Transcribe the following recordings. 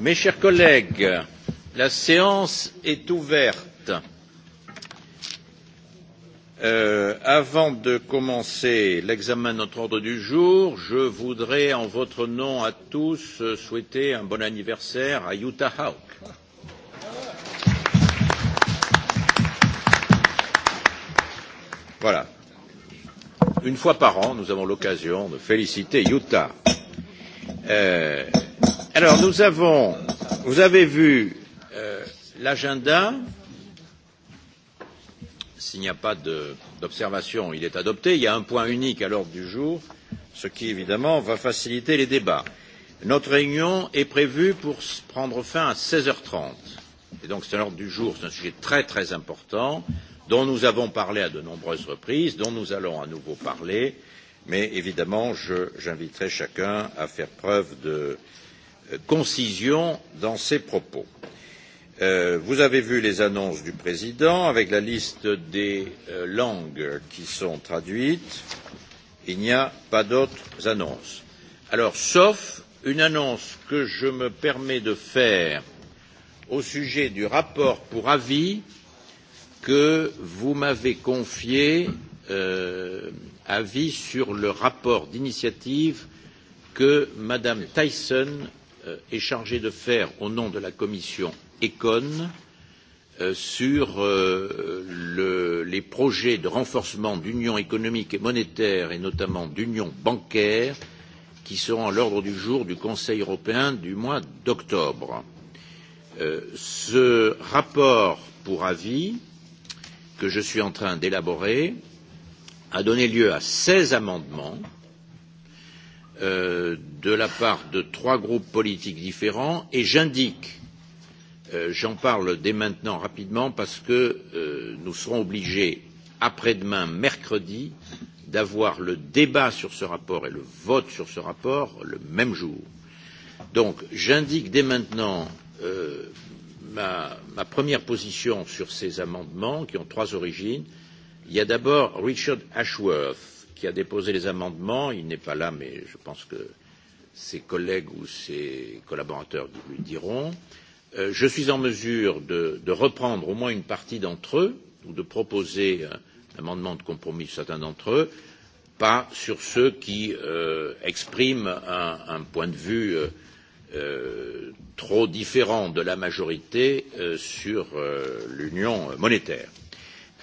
Mes chers collègues, la séance est ouverte. Avant de commencer l'examen de notre ordre du jour, je voudrais, en votre nom à tous, souhaiter un bon anniversaire à Utah Hawk. une fois par an, nous avons l'occasion de féliciter Utah. Alors, nous avons, vous avez vu l'agenda. S'il n'y a pas d'observation, il est adopté. Il y a un point unique à l'ordre du jour, ce qui, évidemment, va faciliter les débats. Notre réunion est prévue pour prendre fin à 16h30. Et donc, c'est l'ordre du jour. C'est un sujet très, très important dont nous avons parlé à de nombreuses reprises, dont nous allons à nouveau parler, mais évidemment, j'inviterai chacun à faire preuve de concision dans ses propos. Vous avez vu les annonces du Président avec la liste des langues qui sont traduites. Il n'y a pas d'autres annonces. Alors, sauf une annonce que je me permets de faire au sujet du rapport pour avis que vous m'avez confié avis sur le rapport d'initiative que Mme Tyson est chargée de faire au nom de la commission ECON sur les projets de renforcement d'union économique et monétaire et notamment d'union bancaire qui seront à l'ordre du jour du Conseil européen du mois d'octobre. Ce rapport pour avis que je suis en train d'élaborer a donné lieu à 16 amendements de la part de trois groupes politiques différents et j'indique, j'en parle dès maintenant rapidement parce que nous serons obligés après-demain, mercredi, d'avoir le débat sur ce rapport et le vote sur ce rapport le même jour. Donc, j'indique dès maintenant ma première position sur ces amendements, qui ont trois origines. Il y a d'abord Richard Ashworth, qui a déposé les amendements. Il n'est pas là, mais je pense que ses collègues ou ses collaborateurs lui diront. Je suis en mesure de reprendre au moins une partie d'entre eux, ou de proposer un amendement de compromis sur certains d'entre eux, pas sur ceux qui expriment un point de vue trop différent de la majorité sur l'union monétaire.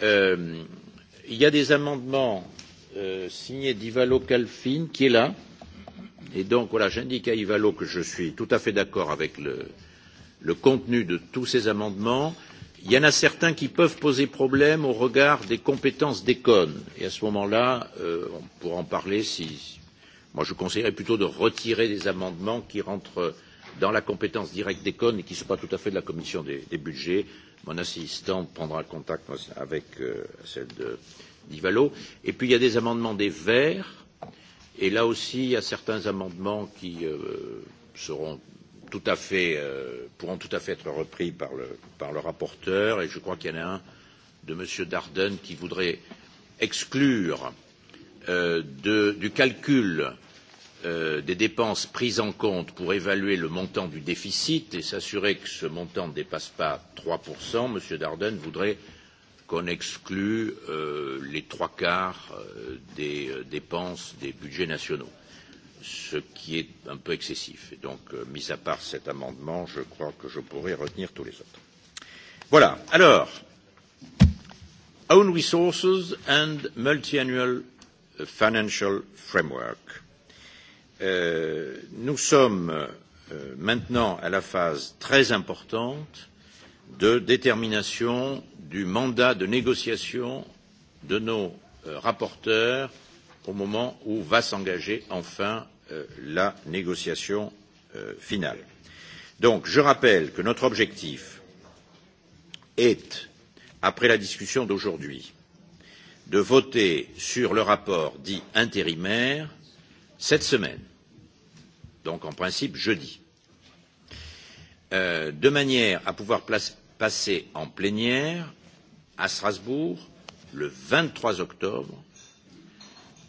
Il y a des amendements signés d'Ivalo Calfin qui est là. Et donc, voilà, j'indique à Ivalo que je suis tout à fait d'accord avec le contenu de tous ces amendements. Il y en a certains qui peuvent poser problème au regard des compétences d'Econ. Et à ce moment-là, on pourra en parler si Moi, je conseillerais plutôt de retirer des amendements qui rentrent dans la compétence directe des CON et qui ne sont pas tout à fait de la commission des budgets. Mon assistant prendra contact avec celle de Divalo. Et puis, il y a des amendements des Verts. Et là aussi, il y a certains amendements qui seront tout à fait, pourront tout à fait être repris par le, par le rapporteur. Et je crois qu'il y en a un de M. Darden qui voudrait exclure du calcul des dépenses prises en compte pour évaluer le montant du déficit et s'assurer que ce montant ne dépasse pas 3%, M. Darden voudrait qu'on exclue les trois quarts des dépenses des budgets nationaux, ce qui est un peu excessif. Et donc, mis à part cet amendement, je crois que je pourrais retenir tous les autres. Voilà. Alors, Own Resources and Multiannual Financial Framework nous sommes maintenant à la phase très importante de détermination du mandat de négociation de nos rapporteurs au moment où va s'engager enfin la négociation finale. Donc, je rappelle que notre objectif est, après la discussion d'aujourd'hui, de voter sur le rapport dit intérimaire cette semaine, donc en principe jeudi, de manière à pouvoir passer en plénière à Strasbourg le 23 octobre,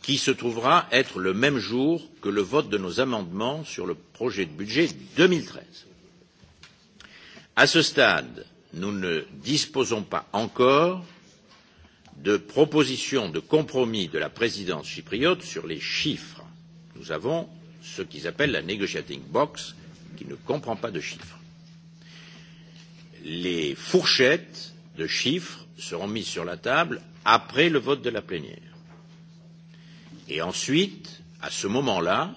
qui se trouvera être le même jour que le vote de nos amendements sur le projet de budget 2013. À ce stade, nous ne disposons pas encore de propositions de compromis de la présidence chypriote sur les chiffres. Nous avons ce qu'ils appellent la negotiating box, qui ne comprend pas de chiffres. Les fourchettes de chiffres seront mises sur la table après le vote de la plénière. Et ensuite, à ce moment-là,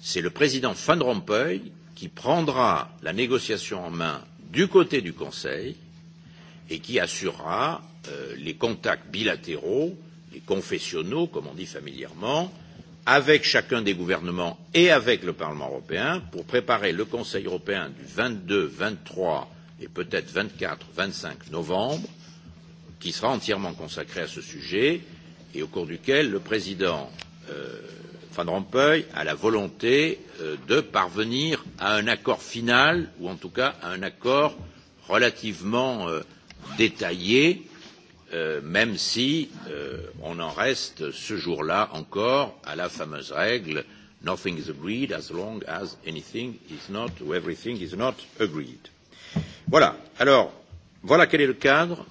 c'est le président Van Rompuy qui prendra la négociation en main du côté du Conseil et qui assurera les contacts bilatéraux, les confessionnaux, comme on dit familièrement, avec chacun des gouvernements et avec le Parlement européen pour préparer le Conseil européen du vingt deux, vingt trois et peut-être vingt quatre, vingt cinq novembre, qui sera entièrement consacré à ce sujet et au cours duquel le président Van Rompuy a la volonté de parvenir à un accord final, ou en tout cas à un accord relativement détaillé même si on en reste ce jour-là encore à la fameuse règle nothing is agreed as long as anything is not or everything is not agreed. Voilà. Alors, voilà quel est le cadre.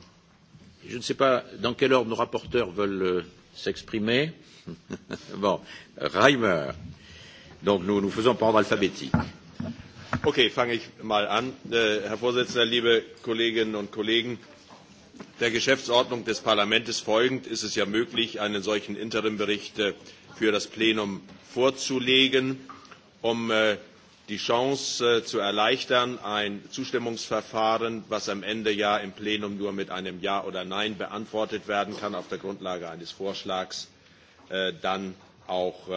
Je ne sais pas dans quel ordre nos rapporteurs veulent s'exprimer. Bon, Reimer. Donc nous nous faisons par ordre alphabétique. Okay, fange ich mal an. Herr Vorsitzender, liebe Kolleginnen und Kollegen, der Geschäftsordnung des Parlaments folgend ist es ja möglich, einen solchen Interimbericht für das Plenum vorzulegen, um die Chance zu erleichtern, ein Zustimmungsverfahren, das am Ende ja im Plenum nur mit einem Ja oder Nein beantwortet werden kann, auf der Grundlage eines Vorschlags dann auch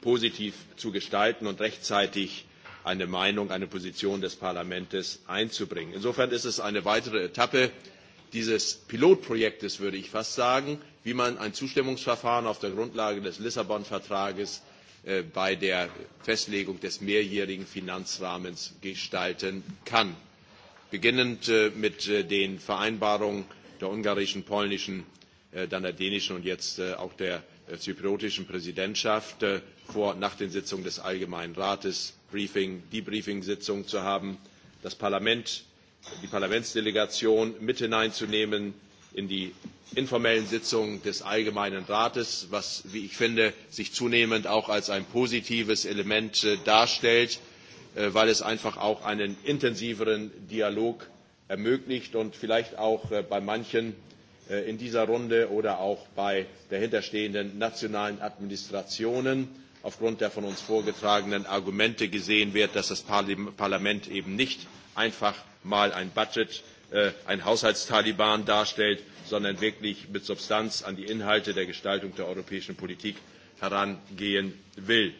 positiv zu gestalten und rechtzeitig eine Meinung, eine Position des Parlaments einzubringen. Insofern ist es eine weitere Etappe dieses Pilotprojektes, würde ich fast sagen, wie man ein Zustimmungsverfahren auf der Grundlage des lissabon bei der Festlegung des mehrjährigen Finanzrahmens gestalten kann. Beginnend mit den Vereinbarungen der ungarischen, polnischen, dann der dänischen und jetzt auch der zypriotischen Präsidentschaft vor nach den Sitzungen des Allgemeinen Rates Briefing, Debriefing-Sitzung zu haben, das Parlament, die Parlamentsdelegation mit hineinzunehmen in die informellen Sitzungen des Allgemeinen Rates, was, wie ich finde, sich zunehmend auch als ein positives Element darstellt, weil es einfach auch einen intensiveren Dialog ermöglicht und vielleicht auch bei manchen in dieser Runde oder auch bei dahinterstehenden nationalen Administrationen aufgrund der von uns vorgetragenen Argumente gesehen wird, dass das Parlament eben nicht einfach mal ein Budget, ein Haushaltstaliban darstellt, sondern wirklich mit Substanz an die Inhalte der Gestaltung der europäischen Politik herangehen will.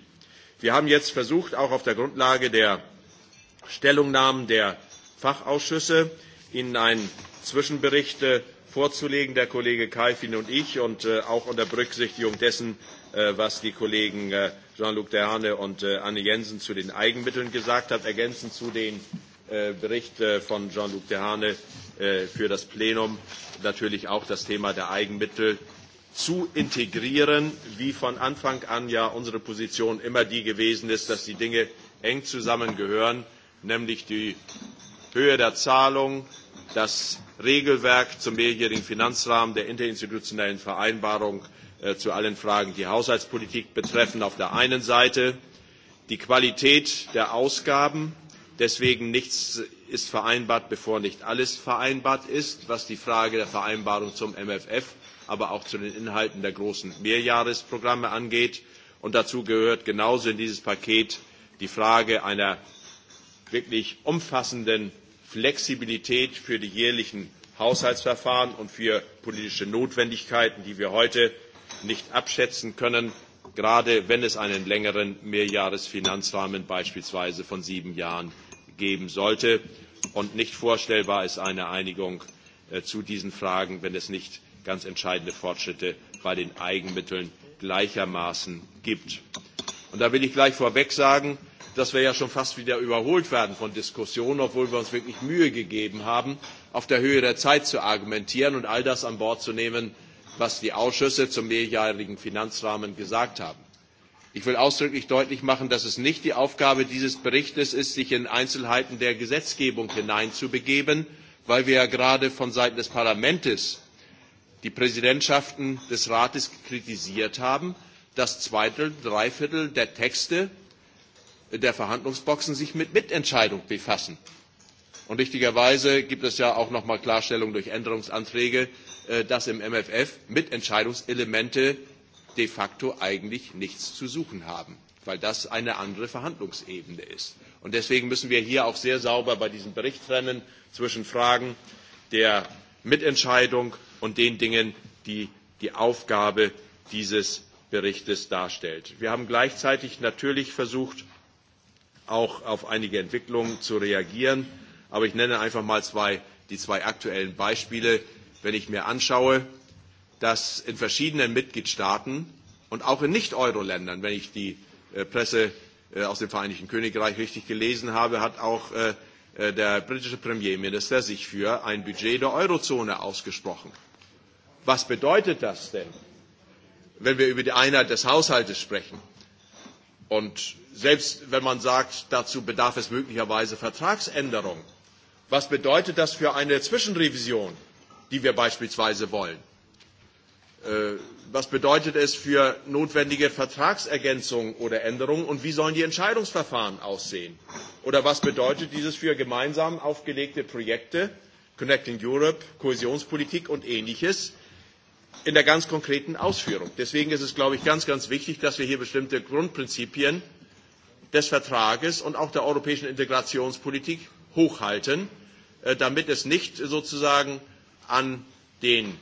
Wir haben jetzt versucht, auch auf der Grundlage der Stellungnahmen der Fachausschüsse in einen Zwischenbericht vorzulegen, der Kollege Kalfin und ich, und auch unter Berücksichtigung dessen, was die Kollegen Jean-Luc Dehaene und Anne Jensen zu den Eigenmitteln gesagt haben, ergänzend zu den Bericht von Jean-Luc Dehaene für das Plenum natürlich auch das Thema der Eigenmittel zu integrieren, wie von Anfang an ja unsere Position immer die gewesen ist, dass die Dinge eng zusammengehören, nämlich die Höhe der Zahlung, das Regelwerk zum mehrjährigen Finanzrahmen der interinstitutionellen Vereinbarung zu allen Fragen, die Haushaltspolitik betreffen, auf der einen Seite die Qualität der Ausgaben. Deswegen nichts ist vereinbart, bevor nicht alles vereinbart ist, was die Frage der Vereinbarung zum MFF, aber auch zu den Inhalten der großen Mehrjahresprogramme angeht. Und dazu gehört genauso in dieses Paket die Frage einer wirklich umfassenden Flexibilität für die jährlichen Haushaltsverfahren und für politische Notwendigkeiten, die wir heute nicht abschätzen können, gerade wenn es einen längeren Mehrjahresfinanzrahmen beispielsweise von sieben Jahren geben sollte. Und nicht vorstellbar ist eine Einigung zu diesen Fragen, wenn es nicht ganz entscheidende Fortschritte bei den Eigenmitteln gleichermaßen gibt. da will ich gleich vorweg sagen, dass wir ja schon fast wieder überholt werden von Diskussionen, obwohl wir uns wirklich Mühe gegeben haben, auf der Höhe der Zeit zu argumentieren und all das an Bord zu nehmen, was die Ausschüsse zum mehrjährigen Finanzrahmen gesagt haben. Ich will ausdrücklich deutlich machen, dass es nicht die Aufgabe dieses Berichts ist, sich in Einzelheiten der Gesetzgebung hineinzubegeben, weil wir ja gerade von Seiten des Parlaments die Präsidentschaften des Rates kritisiert haben, dass zwei Drittel, drei Viertel der Texte der Verhandlungsboxen sich mit Mitentscheidung befassen. Und richtigerweise gibt es ja auch noch mal Klarstellung durch Änderungsanträge, dass im MFF Mitentscheidungselemente de facto eigentlich nichts zu suchen haben, weil das eine andere Verhandlungsebene ist. Und deswegen müssen wir hier auch sehr sauber bei diesem Bericht trennen zwischen Fragen der Mitentscheidung und den Dingen, die die Aufgabe dieses Berichtes darstellt. Wir haben gleichzeitig natürlich versucht, auch auf einige Entwicklungen zu reagieren. Aber ich nenne einfach mal die zwei aktuellen Beispiele. Wenn ich mir anschaue, dass in verschiedenen Mitgliedstaaten und auch in Nicht-Euro-Ländern, wenn ich die Presse aus dem Vereinigten Königreich richtig gelesen habe, hat auch der britische Premierminister sich für ein Budget der Eurozone ausgesprochen. Was bedeutet das denn, wenn wir über die Einheit des Haushaltes sprechen? Und selbst wenn man sagt, dazu bedarf es möglicherweise Vertragsänderung, was bedeutet das für eine Zwischenrevision, die wir beispielsweise wollen? Was bedeutet es für notwendige Vertragsergänzungen oder Änderungen und wie sollen die Entscheidungsverfahren aussehen? Oder was bedeutet dieses für gemeinsam aufgelegte Projekte, Connecting Europe, Kohäsionspolitik und ähnliches? in der ganz konkreten Ausführung. Deswegen ist es, glaube ich, ganz, ganz wichtig, dass wir hier bestimmte Grundprinzipien des Vertrages und auch der europäischen Integrationspolitik hochhalten, damit es nicht sozusagen an den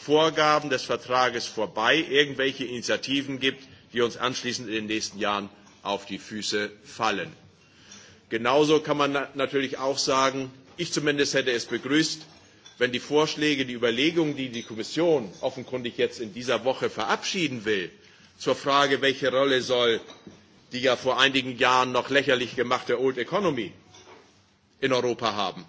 Vorgaben des Vertrages vorbei irgendwelche Initiativen gibt, die uns anschließend in den nächsten Jahren auf die Füße fallen. Genauso kann man natürlich auch sagen, ich zumindest hätte es begrüßt, wenn die Vorschläge, die Überlegungen, die die Kommission offenkundig jetzt in dieser Woche verabschieden will, zur Frage, welche Rolle soll die ja vor einigen Jahren noch lächerlich gemachte Old Economy in Europa haben,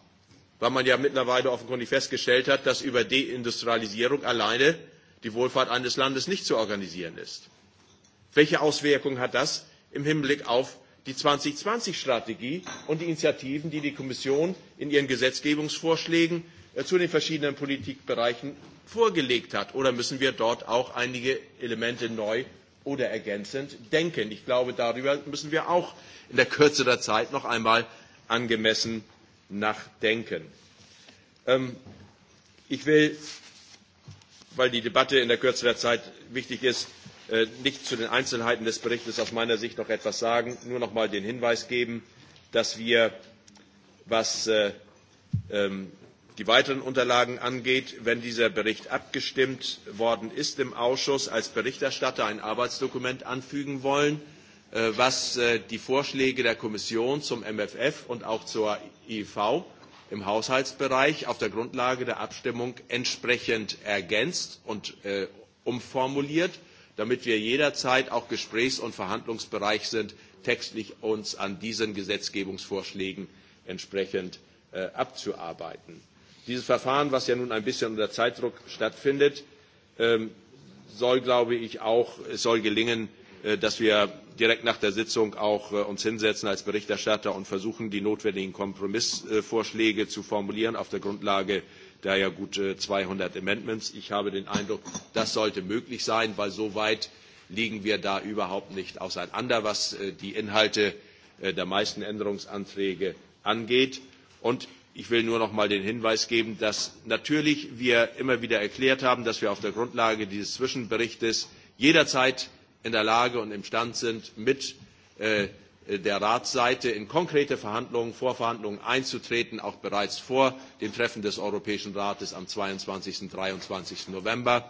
weil man ja mittlerweile offenkundig festgestellt hat, dass über Deindustrialisierung alleine die Wohlfahrt eines Landes nicht zu organisieren ist. Welche Auswirkungen hat das im Hinblick auf die 2020-Strategie und die Initiativen, die die Kommission in ihren Gesetzgebungsvorschlägen zu den verschiedenen Politikbereichen vorgelegt hat? Oder müssen wir dort auch einige Elemente neu oder ergänzend denken? Ich glaube, darüber müssen wir auch in der Kürze der Zeit noch einmal angemessen nachdenken. Ich will, weil die Debatte in der Kürze der Zeit wichtig ist, nicht zu den Einzelheiten des Berichts aus meiner Sicht noch etwas sagen, nur noch einmal den Hinweis geben, dass wir, was die weiteren Unterlagen angeht, wenn dieser Bericht abgestimmt worden ist im Ausschuss, als Berichterstatter ein Arbeitsdokument anfügen wollen, was die Vorschläge der Kommission zum MFF und auch zur IV im Haushaltsbereich auf der Grundlage der Abstimmung entsprechend ergänzt und umformuliert, damit wir jederzeit auch Gesprächs- und Verhandlungsbereich sind, textlich uns an diesen Gesetzgebungsvorschlägen entsprechend abzuarbeiten. Dieses Verfahren, das ja nun ein bisschen unter Zeitdruck stattfindet, soll, glaube ich, auch, gelingen, dass wir direkt nach der Sitzung auch uns hinsetzen als Berichterstatter und versuchen, die notwendigen Kompromissvorschläge zu formulieren auf der Grundlage der ja gut 200 Amendments. Ich habe den Eindruck, das sollte möglich sein, weil so weit liegen wir da überhaupt nicht auseinander, was die Inhalte der meisten Änderungsanträge angeht. Und Ich will nur noch einmal den Hinweis geben, dass natürlich immer wieder erklärt haben, dass wir auf der Grundlage dieses Zwischenberichts jederzeit in der Lage und im Stand sind, mit der Ratsseite in konkrete Verhandlungen, Vorverhandlungen einzutreten, auch bereits vor dem Treffen des Europäischen Rates am 22. und 23. November.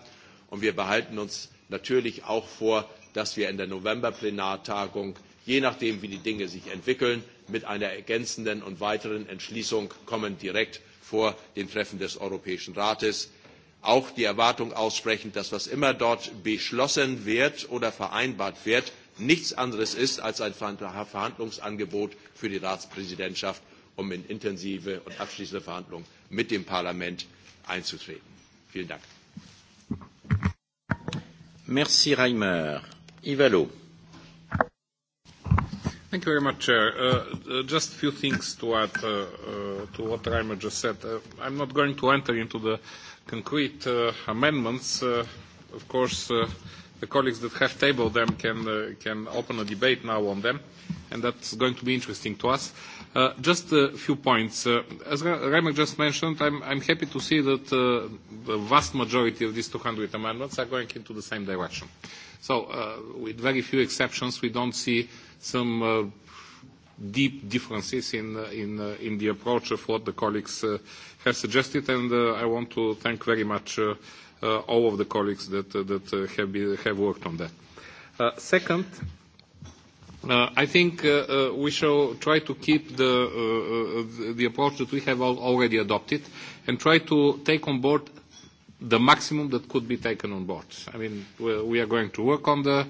Und wir behalten uns natürlich auch vor, dass wir in der November Plenartagung je nachdem, wie die Dinge sich entwickeln, mit einer ergänzenden und weiteren Entschließung kommen, direkt vor dem Treffen des Europäischen Rates. Auch die Erwartung aussprechen, dass was immer dort beschlossen wird oder vereinbart wird, nichts anderes ist als ein Verhandlungsangebot für die Ratspräsidentschaft, um in intensive und abschließende Verhandlungen mit dem Parlament einzutreten. Vielen Dank. Merci, Reimer. Thank you very much, Chair. Just a few things to add to what Reimer just said. I'm not going to enter into the concrete amendments. Of course, the colleagues that have tabled them can open a debate now on them, and that's going to be interesting to us. Just a few points. As Reimer just mentioned, I'm happy to see that the vast majority of these 200 amendments are going into the same direction. So, with very few exceptions, we don't see some deep differences in in the approach of what the colleagues have suggested, and I want to thank very much all of the colleagues that that have worked on that. Second, I think we shall try to keep the the approach that we have already adopted and try to take on board the maximum that could be taken on board. I mean, we are going to work on the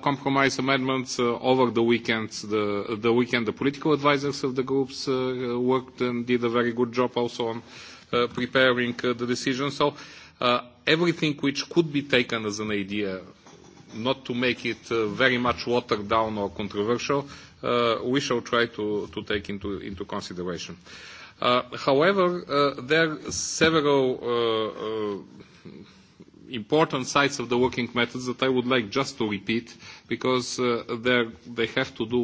compromise amendments. Over the weekend, the political advisors of the groups worked and did a very good job also on preparing the decision. So everything which could be taken as an idea, not to make it very much watered down or controversial, we shall try to take into consideration. However, there are several important sides of the working methods that I would like just to repeat because they have to do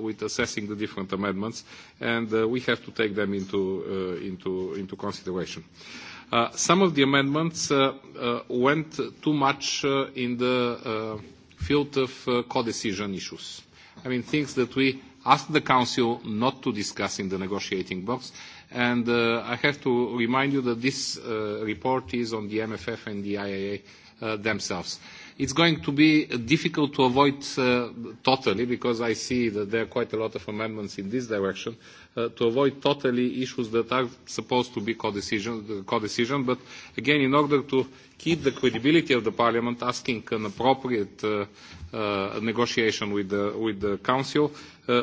with assessing the different amendments and we have to take them into consideration. Some of the amendments went too much in the field of co-decision issues. I mean, things that we asked the Council not to discuss in the negotiating box And I have to remind you that this report is on the MFF and the IAA themselves. It's going to be difficult to avoid totally, because I see that there are quite a lot of amendments in this direction, to avoid totally issues that are supposed to be co-decision. But again, in order to keep the credibility of the Parliament, asking an appropriate negotiation with the Council,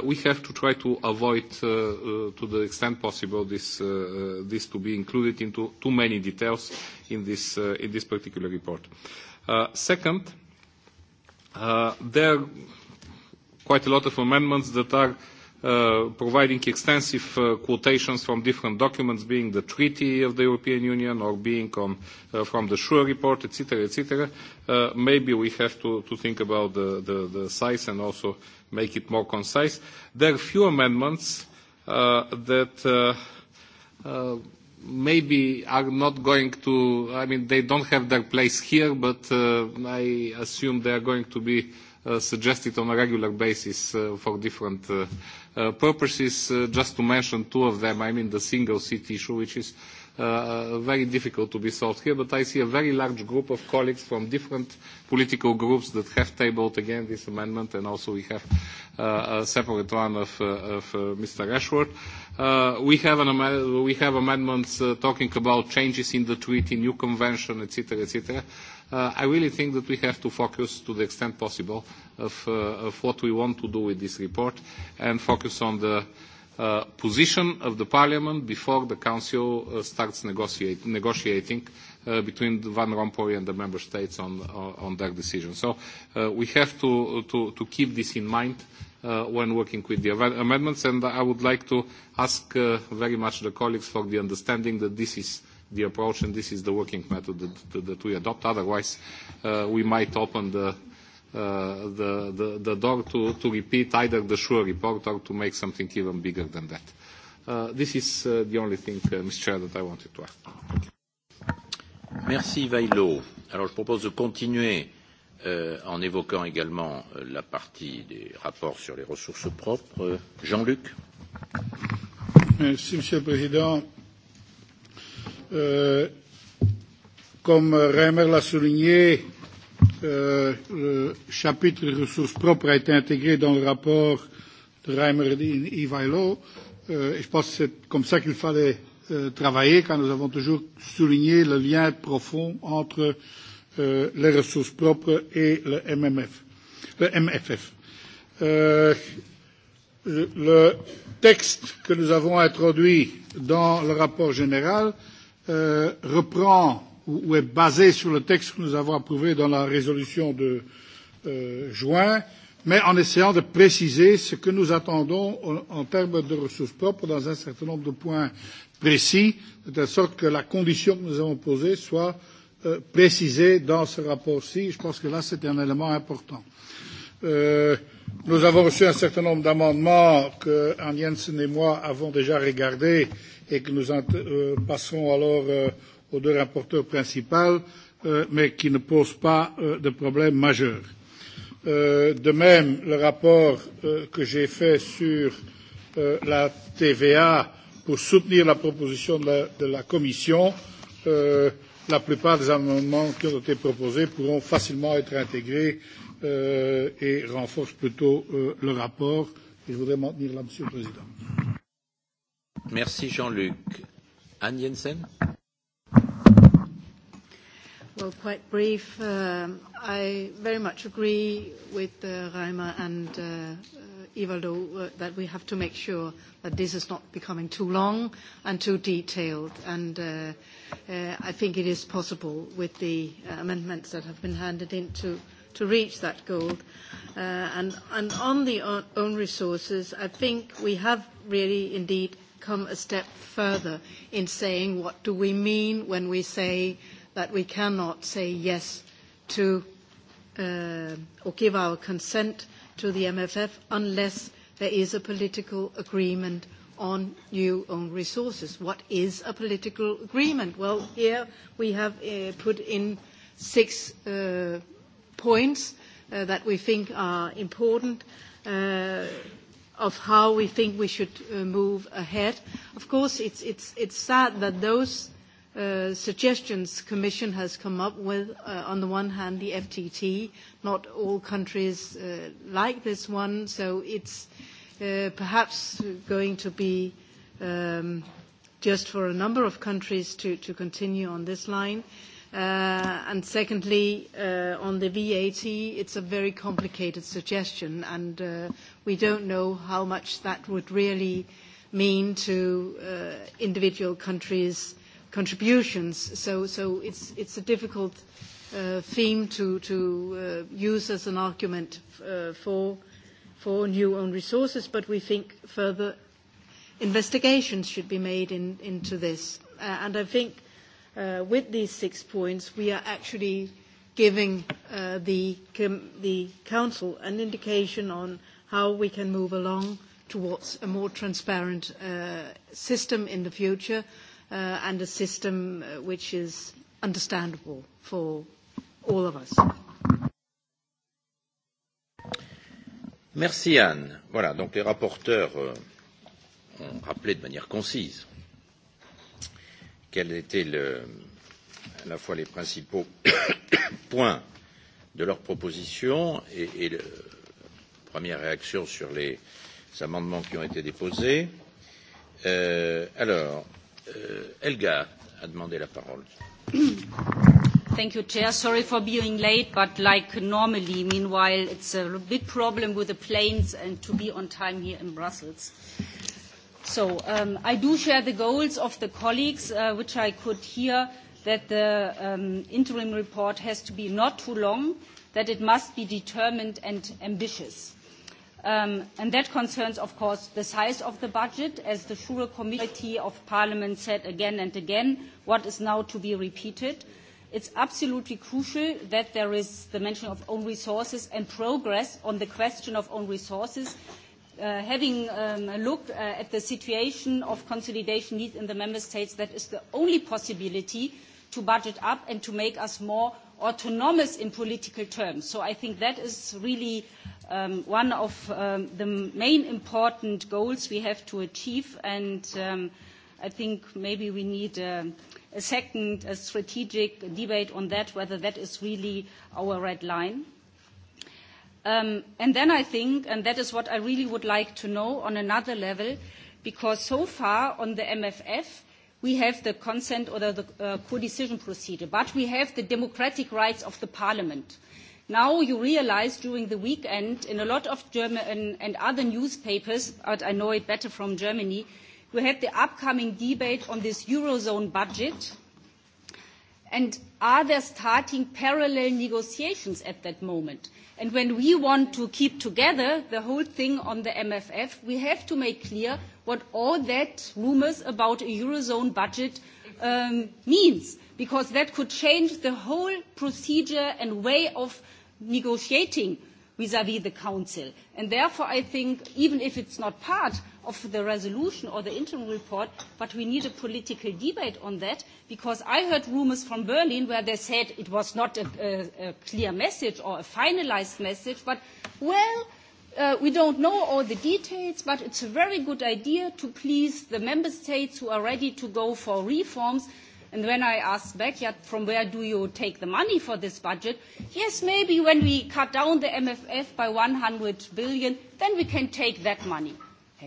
we have to try to avoid to the extent possible this to be included into too many details in this particular report. Second, there are quite a lot of amendments that are providing extensive quotations from different documents, being the Treaty of the European Union or being from the SURE report, etc., etc. Maybe we have to think about the size and also make it more concise. There are few amendments that maybe are not going to, I mean, they don't have their place here, but I assume they are going to be suggested on a regular basis for different purposes. Just to mention two of them, I mean, the single seat issue, which is very difficult to be solved here, but I see a very large group of colleagues from different political groups that have tabled again this amendment, and also we have a separate one of Mr. Ashworth. We have amendments talking about changes in the treaty, new convention, etc., etc. I really think that we have to focus to the extent possible of what we want to do with this report and focus on the position of the Parliament before the Council starts negotiating between Van Rompuy and the Member States on their decision. So we have to keep this in mind when working with the amendments, and I would like to ask very much the colleagues for the understanding that this is the approach and this is the working method that we adopt. Otherwise, we might open the the the door to to repeat either the Sure report or to make something even bigger than that. This is the only thing, Mr. Chair, that I wanted to add. Merci, Vailo. Alors, je propose de continuer en évoquant également la partie des rapports sur les ressources propres. Jean-Luc. Merci, Monsieur le Président. Comme Reimer l'a souligné, Le chapitre ressources propres a été intégré dans le rapport de Reimer et Ivailo. Et je pense que c'est comme ça qu'il fallait travailler, car nous avons toujours souligné le lien profond entre les ressources propres et le MMF, le MFF. Le texte que nous avons introduit dans le rapport général reprend ou est basé sur le texte que nous avons approuvé dans la résolution de juin, mais en essayant de préciser ce que nous attendons en termes de ressources propres dans un certain nombre de points précis, de telle sorte que la condition que nous avons posée soit précisée dans ce rapport-ci. Je pense que là, c'est un élément important. Nous avons reçu un certain nombre d'amendements que Anne Jensen et moi avons déjà regardés et que nous passerons alors aux deux rapporteurs principaux, mais qui ne posent pas de problème majeur. De même, le rapport que j'ai fait sur la TVA pour soutenir la proposition de la Commission, la plupart des amendements qui ont été proposés pourront facilement être intégrés et renforcent plutôt le rapport. et Je voudrais m'en tenir là, Monsieur le Président. Merci Jean-Luc. Anne Jensen Well, quite brief. I very much agree with Reimer and Ivaldo that we have to make sure that this is not becoming too long and too detailed. And I think it is possible with the amendments that have been handed in to to reach that goal. And on the own resources, I think we have really indeed come a step further in saying what do we mean when we say that we cannot say yes to or give our consent to the MFF unless there is a political agreement on new own resources. What is a political agreement? Well, here we have put in six points that we think are important of how we think we should move ahead. Of course, it's sad that those suggestions Commission has come up with. On the one hand, the FTT. Not all countries like this one, so it's perhaps going to be just for a number of countries to continue on this line. And secondly, on the VAT, it's a very complicated suggestion, and we don't know how much that would really mean to individual countries' contributions. So it's a difficult theme to use as an argument for new own resources, but we think further investigations should be made into this. And I think with these six points, we are actually giving the Council an indication on how we can move along towards a more transparent system in the future and a system which is understandable for all of us. Merci Anne. Voilà, donc les rapporteurs ont rappelé de manière concise quels étaient à la fois les principaux points de leur proposition et la première réaction sur les amendements qui ont été déposés. Alors, Elga a demandé la parole. Thank you, Chair. Sorry for being late, but like normally, meanwhile, it's a big problem with the planes and to be on time here in Brussels. So I do share the goals of the colleagues, which I could hear that the interim report has to be not too long, that it must be determined and ambitious and that concerns, of course, the size of the budget, as the Sure Committee of Parliament said again and again, what is now to be repeated. It's absolutely crucial that there is the mention of own resources and progress on the question of own resources. Having a look at the situation of consolidation needs in the member states, that is the only possibility to budget up and to make us more autonomous in political terms. So I think that is really one of the main important goals we have to achieve, and I think maybe we need a second strategic debate on that, whether that is really our red line. And then I think, and that is what I really would like to know on another level, because so far on the MFF, we have the consent or the co-decision procedure, but we have the democratic rights of the parliament. Now you realise during the weekend in a lot of German and other newspapers, but I know it better from Germany, we had the upcoming debate on this Eurozone budget. And are there starting parallel negotiations at that moment? And when we want to keep together the whole thing on the MFF, we have to make clear what all that rumours about a Eurozone budget means because that could change the whole procedure and way of negotiating vis-à-vis the Council. And therefore, I think, even if it's not part of the resolution or the interim report, but we need a political debate on that, because I heard rumours from Berlin where they said it was not a clear message or a finalised message, but, well, we don't know all the details, but it's a very good idea to please the member states who are ready to go for reforms And when I asked back, from where do you take the money for this budget? Yes, maybe when we cut down the MFF by 100 billion, then we can take that money.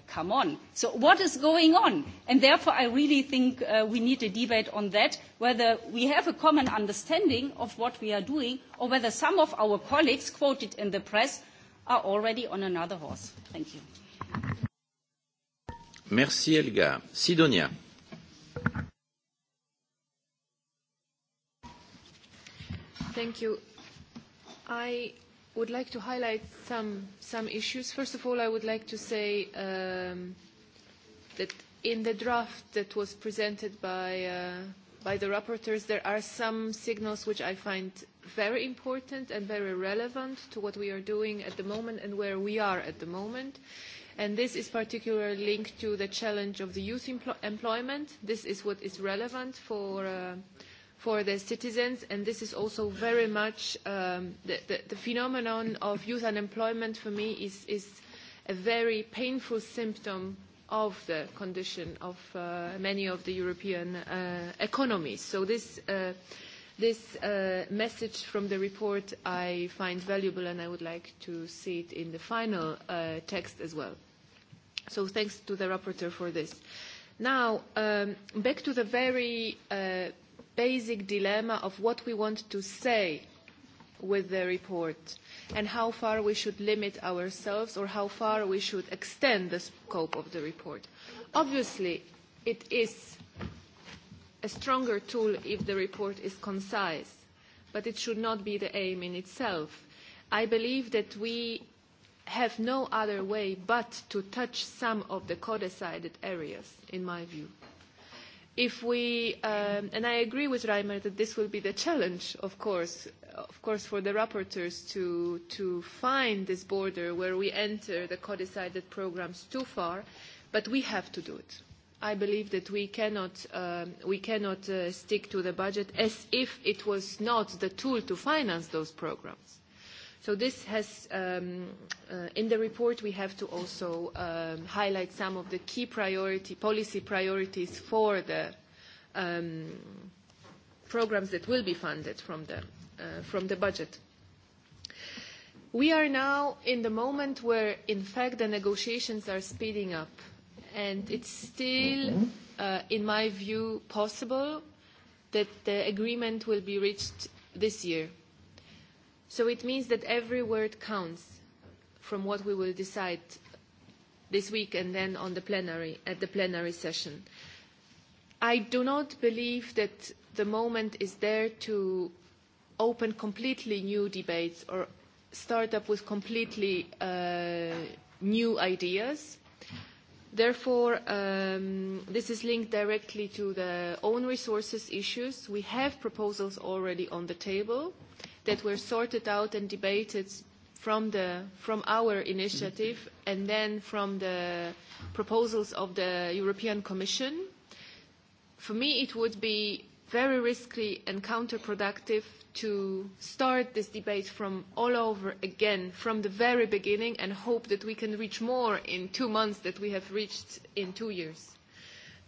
Come on. So what is going on? And therefore, I really think we need a debate on that, whether we have a common understanding of what we are doing, or whether some of our colleagues quoted in the press are already on another horse. Thank you. Merci, Sidonia. Thank you. I would like to highlight some some issues. First of all, I would like to say that in the draft that was presented by by the rapporteurs, there are some signals which I find very important and very relevant to what we are doing at the moment and where we are at the moment. And this is particularly linked to the challenge of the youth employment. This is what is relevant for for the citizens, and this is also very much the phenomenon of youth unemployment for me is a very painful symptom of the condition of many of the European economies. So this message from the report I find valuable, and I would like to see it in the final text as well. So thanks to the rapporteur for this. Now, back to the very basic dilemma of what we want to say with the report and how far we should limit ourselves or how far we should extend the scope of the report. Obviously, it is a stronger tool if the report is concise, but it should not be the aim in itself. I believe that we have no other way but to touch some of the co-decided areas, in my view if we and i agree with reimer that this will be the challenge of course of course for the rapporteurs to to find this border where we enter the codecided programs too far but we have to do it i believe that we cannot we cannot stick to the budget as if it was not the tool to finance those programs So this has, in the report, we have to also highlight some of the key priority, policy priorities for the programs that will be funded from the from the budget. We are now in the moment where, in fact, the negotiations are speeding up, and it's still, in my view, possible that the agreement will be reached this year. So it means that every word counts from what we will decide this week and then on the plenary, at the plenary session. I do not believe that the moment is there to open completely new debates or start up with completely new ideas. Therefore, this is linked directly to the own resources issues. We have proposals already on the table that were sorted out and debated from the from our initiative and then from the proposals of the European Commission. For me, it would be very risky and counterproductive to start this debate from all over again, from the very beginning, and hope that we can reach more in two months than we have reached in two years.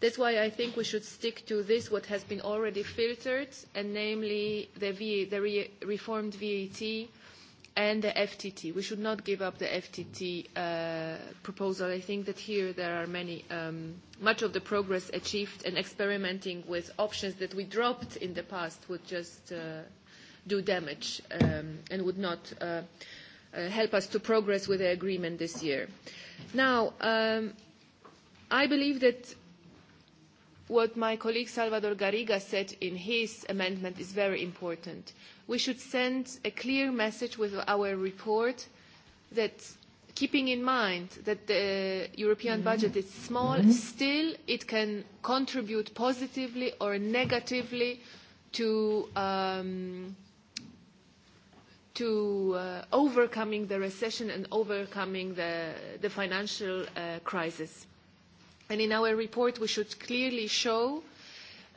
That's why I think we should stick to this, what has been already filtered, and namely the reformed VAT and the FTT. We should not give up the FTT proposal. I think that here there are many, much of the progress achieved, and experimenting with options that we dropped in the past would just do damage and would not help us to progress with the agreement this year. Now, I believe that What my colleague Salvador Garriga said in his amendment is very important. We should send a clear message with our report that keeping in mind that the European budget is small, still it can contribute positively or negatively to overcoming the recession and overcoming the financial crisis in our report, we should clearly show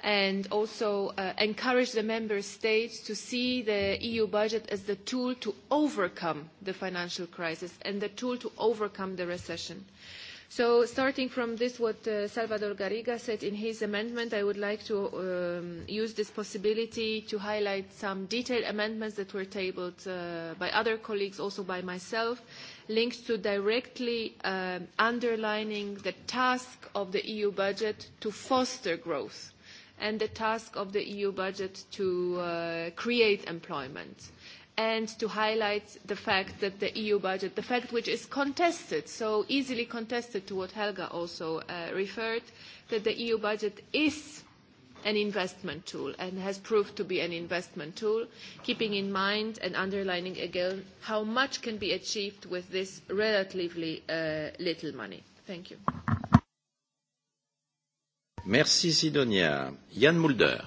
and also encourage the member states to see the EU budget as the tool to overcome the financial crisis and the tool to overcome the recession. So starting from this, what Salvador Garriga said in his amendment, I would like to use this possibility to highlight some detailed amendments that were tabled by other colleagues, also by myself links to directly underlining the task of the EU budget to foster growth and the task of the EU budget to create employment and to highlight the fact that the EU budget, the fact which is contested, so easily contested to what Helga also referred, that the EU budget is an investment tool and has proved to be an investment tool, keeping in mind and underlining again how much can be achieved with this relatively little money. Thank you. Merci, Sidonia. Jan Mulder.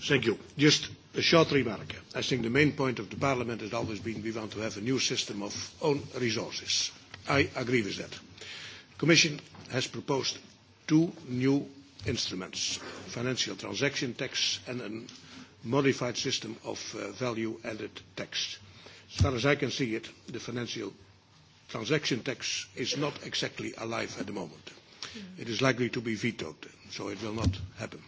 Thank Just a short remark. I think the main point of the Parliament has always been we want to have a new system of own resources. I agree with that. The Commission has proposed two new instruments, financial transaction tax and a modified system of value-added tax. As far as I can see it, the financial transaction tax is not exactly alive at the moment. It is likely to be vetoed, so it will not happen.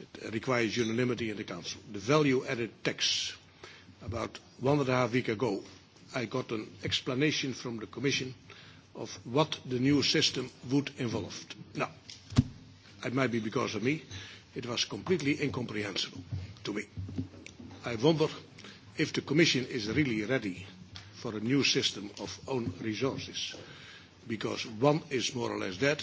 It requires unanimity in the Council. The value-added tax, about one and a half week ago, I got an explanation from the Commission of what the new system would involve. Now, it might be because of me, it was completely incomprehensible to me. I wonder if the Commission is really ready for a new system of own resources, because one is more or less dead,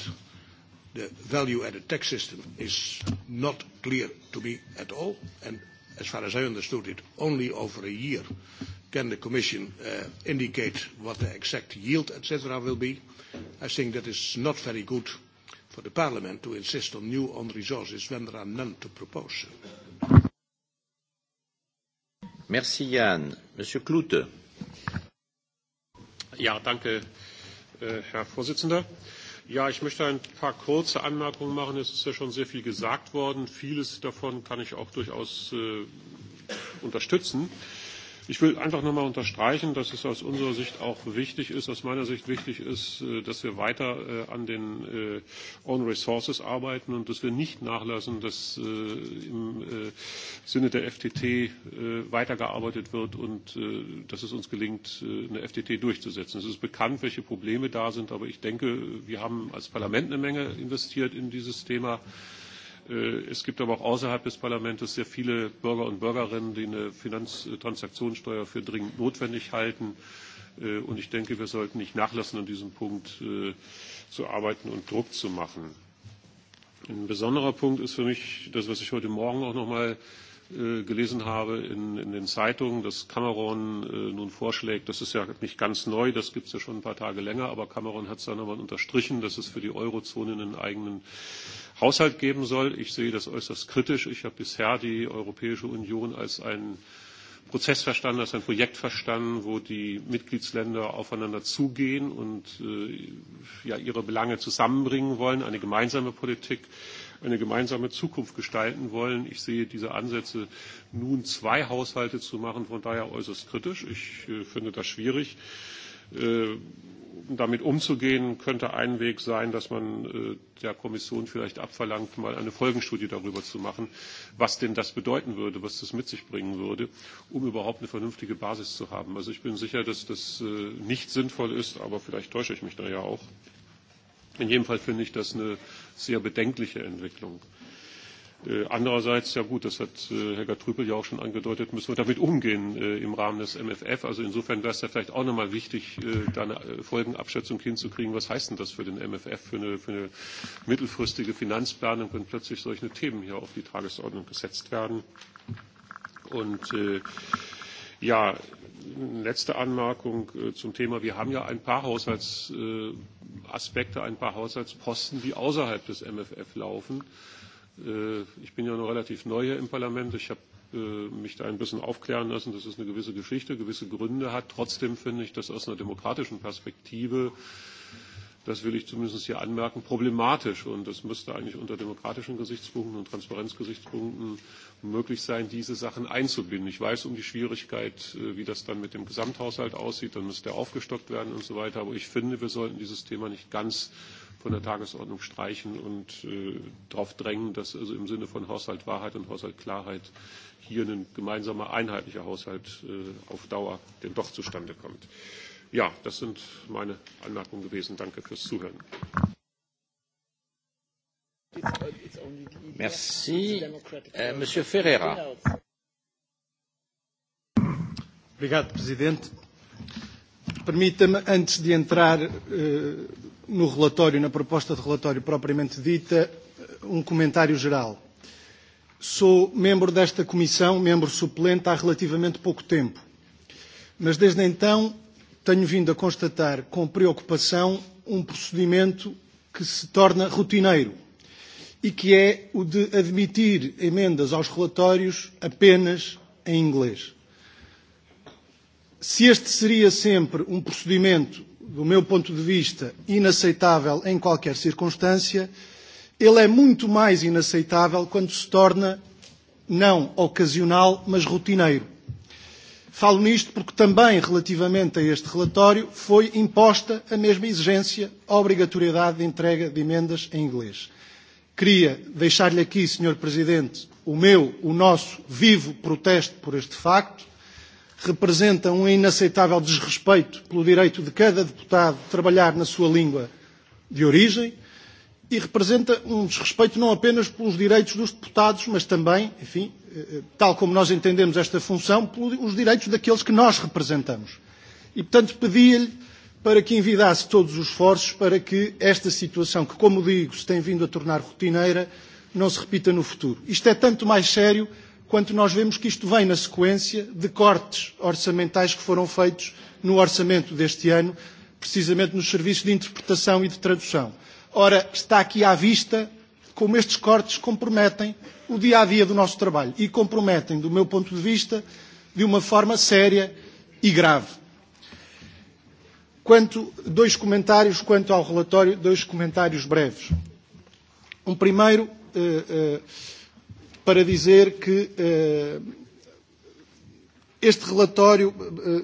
the value-added tax system is not clear to me at all, and as far as I understood it, only over a year can the Commission indicate what the exact yield, etc., will be. I think that is not very good for the Parliament to insist on new own resources when there are none to propose. Merci Jan. Monsieur Klute. Ja, danke, Herr Vorsitzender. Ja, ich möchte ein paar kurze Anmerkungen machen. Es ist ja schon sehr viel gesagt worden. Vieles davon kann ich auch durchaus unterstützen. Ich will einfach noch mal unterstreichen, dass es aus unserer Sicht auch wichtig ist, aus meiner Sicht wichtig ist, dass wir weiter an den Own Resources arbeiten und dass wir nicht nachlassen, dass im Sinne der FTT weitergearbeitet wird und dass es uns gelingt, eine FTT durchzusetzen. Es ist bekannt, welche Probleme da sind, aber ich denke, wir haben als Parlament eine Menge investiert in dieses Thema. Es gibt aber auch außerhalb des Parlaments sehr viele Bürger und Bürgerinnen, die eine Finanztransaktionssteuer für dringend notwendig halten. Und ich denke, wir sollten nicht nachlassen, an diesem Punkt zu arbeiten und Druck zu machen. Ein besonderer Punkt ist für mich das, was ich heute Morgen auch noch mal gelesen habe in den Zeitungen, dass Cameron nun vorschlägt, das ist ja nicht ganz neu, das gibt es ja schon ein paar Tage länger, aber Cameron hat es dann nochmal unterstrichen, dass es für die Eurozone einen eigenen Haushalt geben soll. Ich sehe das äußerst kritisch. Ich habe bisher die Europäische Union als einen Prozess verstanden, als ein Projekt verstanden, wo die Mitgliedsländer aufeinander zugehen und ihre Belange zusammenbringen wollen, eine gemeinsame Politik, eine gemeinsame Zukunft gestalten wollen. Ich sehe diese Ansätze, nun zwei Haushalte zu machen, von daher äußerst kritisch. Ich finde das schwierig damit umzugehen, könnte ein Weg sein, dass man der Kommission vielleicht abverlangt, mal eine Folgenstudie darüber zu machen, was denn das bedeuten würde, was das mit sich bringen würde, um überhaupt eine vernünftige Basis zu haben. Also ich bin sicher, dass das nicht sinnvoll ist, aber vielleicht täusche ich mich da ja auch. In jedem Fall finde ich das eine sehr bedenkliche Entwicklung. Andererseits, ja gut, das hat Herr Gertrüpel ja auch schon angedeutet, müssen wir damit umgehen im Rahmen des MFF. Also insofern wäre es ja vielleicht auch nochmal wichtig, da eine Folgenabschätzung hinzukriegen. Was heißt denn das für den MFF, für eine mittelfristige Finanzplanung, wenn plötzlich solche Themen hier auf die Tagesordnung gesetzt werden? Und ja, letzte Anmerkung zum Thema. Wir haben ja ein paar Haushaltsaspekte, ein paar Haushaltsposten, die außerhalb des MFF laufen Ich bin ja noch relativ neu hier im Parlament. Ich habe mich da ein bisschen aufklären lassen, dass es eine gewisse Geschichte, gewisse Gründe hat. Trotzdem finde ich das aus einer demokratischen Perspektive, das will ich zumindest hier anmerken, problematisch. Und das müsste eigentlich unter demokratischen Gesichtspunkten und Transparenzgesichtspunkten möglich sein, diese Sachen einzubinden. Ich weiß um die Schwierigkeit, wie das dann mit dem Gesamthaushalt aussieht. Dann müsste er aufgestockt werden und so weiter. Aber ich finde, wir sollten dieses Thema nicht ganz von der Tagesordnung streichen und darauf drängen, dass also im Sinne von Haushaltwahrheit und Haushaltklarheit hier ein gemeinsamer, einheitlicher Haushalt auf Dauer denn doch zustande kommt. Ja, das sind meine Anmerkungen gewesen. Danke fürs Zuhören. Merci. Monsieur Ferreira. Obrigado, Presidente. Permita-me, antes de entrar no relatório, na proposta de relatório propriamente dita, um comentário geral. Sou membro desta comissão, membro suplente, há relativamente pouco tempo. Mas desde então tenho vindo a constatar com preocupação um procedimento que se torna rotineiro e que é o de admitir emendas aos relatórios apenas em inglês se este seria sempre um procedimento, do meu ponto de vista, inaceitável em qualquer circunstância, ele é muito mais inaceitável quando se torna não ocasional, mas rotineiro. Falo nisto porque também, relativamente a este relatório, foi imposta a mesma exigência, a obrigatoriedade de entrega de emendas em inglês. Queria deixar-lhe aqui, Sr. Presidente, o meu, o nosso vivo protesto por este facto representa um inaceitável desrespeito pelo direito de cada deputado de trabalhar na sua língua de origem e representa um desrespeito não apenas pelos direitos dos deputados, mas também, enfim, tal como nós entendemos esta função, pelos direitos daqueles que nós representamos. E, portanto, pedia-lhe para que envidasse todos os esforços para que esta situação, que, como digo, se tem vindo a tornar rotineira, não se repita no futuro. Isto é tanto mais sério Quanto nós vemos que isto vem na sequência de cortes orçamentais que foram feitos no orçamento deste ano, precisamente nos serviços de interpretação e de tradução. Ora, está aqui à vista como estes cortes comprometem o dia a dia do nosso trabalho e comprometem, do meu ponto de vista, de uma forma séria e grave. Quanto, dois comentários quanto ao relatório, dois comentários breves. Um primeiro, para dizer que este relatório,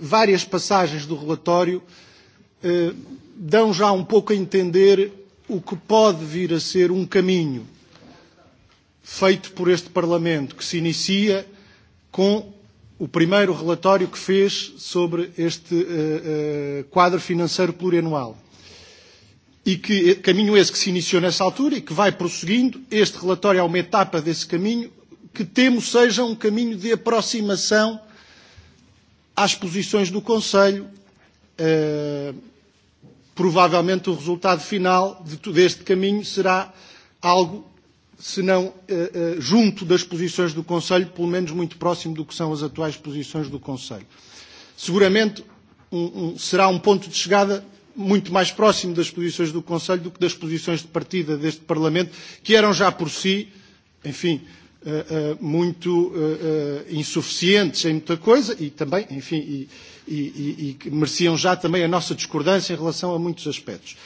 várias passagens do relatório, dão já um pouco a entender o que pode vir a ser um caminho feito por este Parlamento, que se inicia com o primeiro relatório que fez sobre este quadro financeiro plurianual e que caminho esse que se iniciou nessa altura e que vai prosseguindo. Este relatório é uma etapa desse caminho que temo seja um caminho de aproximação às posições do Conselho. Provavelmente o resultado final de todo este caminho será algo, se não junto das posições do Conselho, pelo menos muito próximo do que são as atuais posições do Conselho. Seguramente será um ponto de chegada muito mais próximo das posições do Conselho do que das posições de partida deste Parlamento, que eram já por si, enfim, muito insuficientes em muita coisa e também, enfim, e que mereciam já também a nossa discordância em relação a muitos aspectos.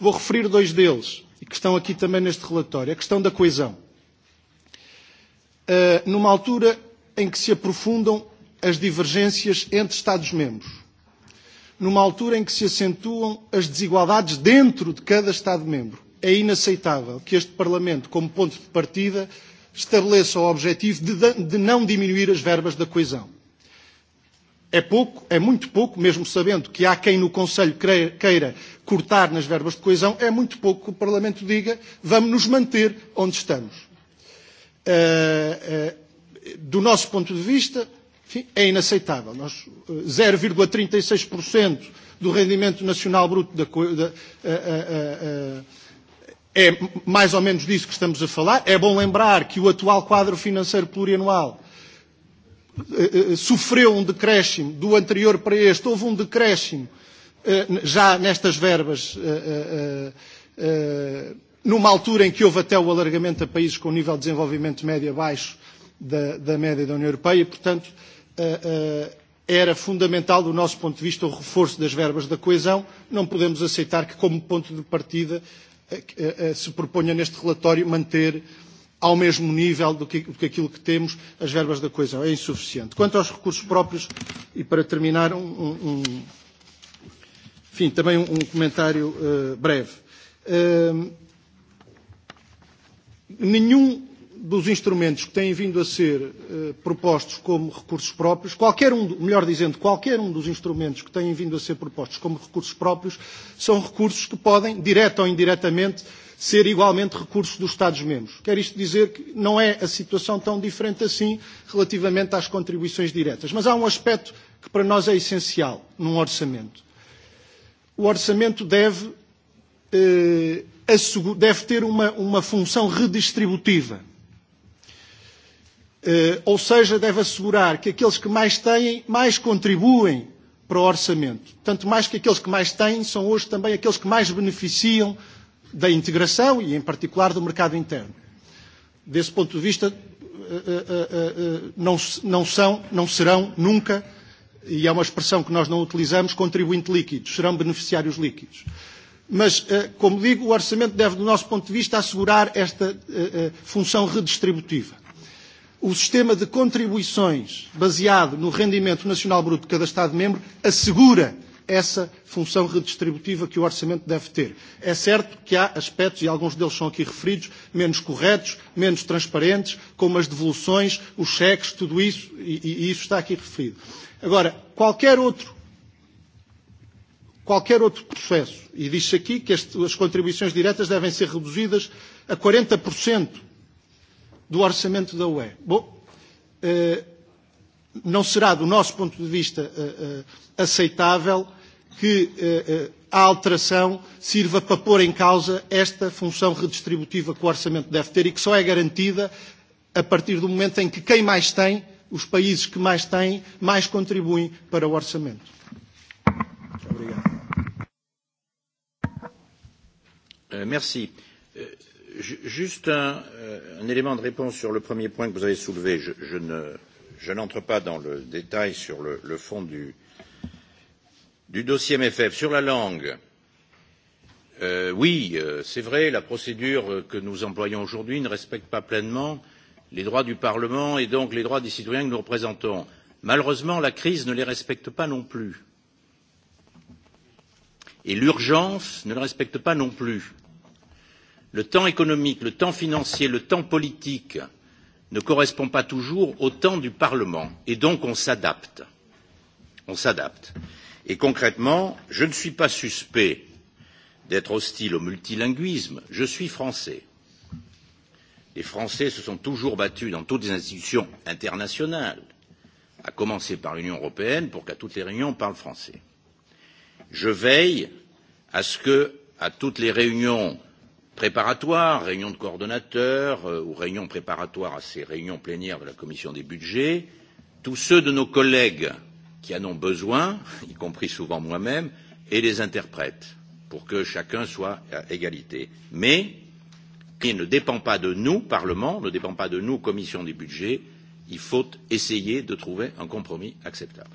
Vou referir dois deles, e que estão aqui também neste relatório. A questão da coesão. Numa altura em que se aprofundam as divergências entre Estados-membros, numa altura em que se acentuam as desigualdades dentro de cada Estado-membro. É inaceitável que este Parlamento, como ponto de partida, estabeleça o objetivo de não diminuir as verbas da coesão. É pouco, é muito pouco, mesmo sabendo que há quem no Conselho queira cortar nas verbas de coesão, é muito pouco que o Parlamento diga vamos nos manter onde estamos. Do nosso ponto de vista, é inaceitável. nós 0,36% do rendimento nacional bruto da, da, é mais ou menos disso que estamos a falar. É bom lembrar que o atual quadro financeiro plurianual sofreu um decréscimo do anterior para este, houve um decréscimo já nestas verbas, numa altura em que houve até o alargamento a países com nível de desenvolvimento médio baixo da média da União Europeia, portanto, era fundamental do nosso ponto de vista o reforço das verbas da coesão. Não podemos aceitar que, como ponto de partida, se proponha neste relatório manter ao mesmo nível do que aquilo que temos as verbas da coesão. É insuficiente. Quanto aos recursos próprios, e para terminar, enfim, também um comentário breve. Nenhum dos instrumentos que têm vindo a ser propostos como recursos próprios, qualquer um, melhor dizendo, qualquer um dos instrumentos que têm vindo a ser propostos como recursos próprios, são recursos que podem, direta ou indiretamente, ser igualmente recursos dos Estados-membros. Quer isto dizer que não é a situação tão diferente assim relativamente às contribuições diretas. Mas há um aspecto que para nós é essencial num orçamento. O orçamento deve deve ter uma função redistributiva ou seja, deve assegurar que aqueles que mais têm, mais contribuem para o orçamento. Tanto mais que aqueles que mais têm são hoje também aqueles que mais beneficiam da integração e, em particular, do mercado interno. Desse ponto de vista, não são, não serão nunca, e é uma expressão que nós não utilizamos, contribuinte líquidos, serão beneficiários líquidos. Mas, como digo, o orçamento deve, do nosso ponto de vista, assegurar esta função redistributiva. O sistema de contribuições baseado no rendimento nacional bruto de cada Estado-membro assegura essa função redistributiva que o orçamento deve ter. É certo que há aspectos, e alguns deles são aqui referidos, menos corretos, menos transparentes, como as devoluções, os cheques, tudo isso, e isso está aqui referido. Agora, qualquer outro qualquer outro processo, e diz-se aqui que as contribuições diretas devem ser reduzidas a 40% do orçamento da UE. Bom, não será do nosso ponto de vista aceitável que a alteração sirva para pôr em causa esta função redistributiva que o orçamento deve ter e que só é garantida a partir do momento em que quem mais tem, os países que mais têm, mais contribuem para o orçamento. Obrigado. Merci. Juste un élément de réponse sur le premier point que vous avez soulevé. Je n'entre pas dans le détail sur le fond du dossier MFF. Sur la langue, oui, c'est vrai, la procédure que nous employons aujourd'hui ne respecte pas pleinement les droits du Parlement et donc les droits des citoyens que nous représentons. Malheureusement, la crise ne les respecte pas non plus. Et l'urgence ne le respecte pas non plus le temps économique le temps financier le temps politique ne correspond pas toujours au temps du parlement et donc on s'adapte on s'adapte et concrètement je ne suis pas suspect d'être hostile au multilinguisme je suis français les français se sont toujours battus dans toutes les institutions internationales à commencer par l'union européenne pour qu'à toutes les réunions on parle français je veille à ce que à toutes les réunions préparatoires, réunions de coordonnateurs ou réunions préparatoires à ces réunions plénières de la commission des budgets, tous ceux de nos collègues qui en ont besoin, y compris souvent moi-même, et les interprètes, pour que chacun soit à égalité. Mais il ne dépend pas de nous, Parlement, ne dépend pas de nous, Commission des budgets, il faut essayer de trouver un compromis acceptable.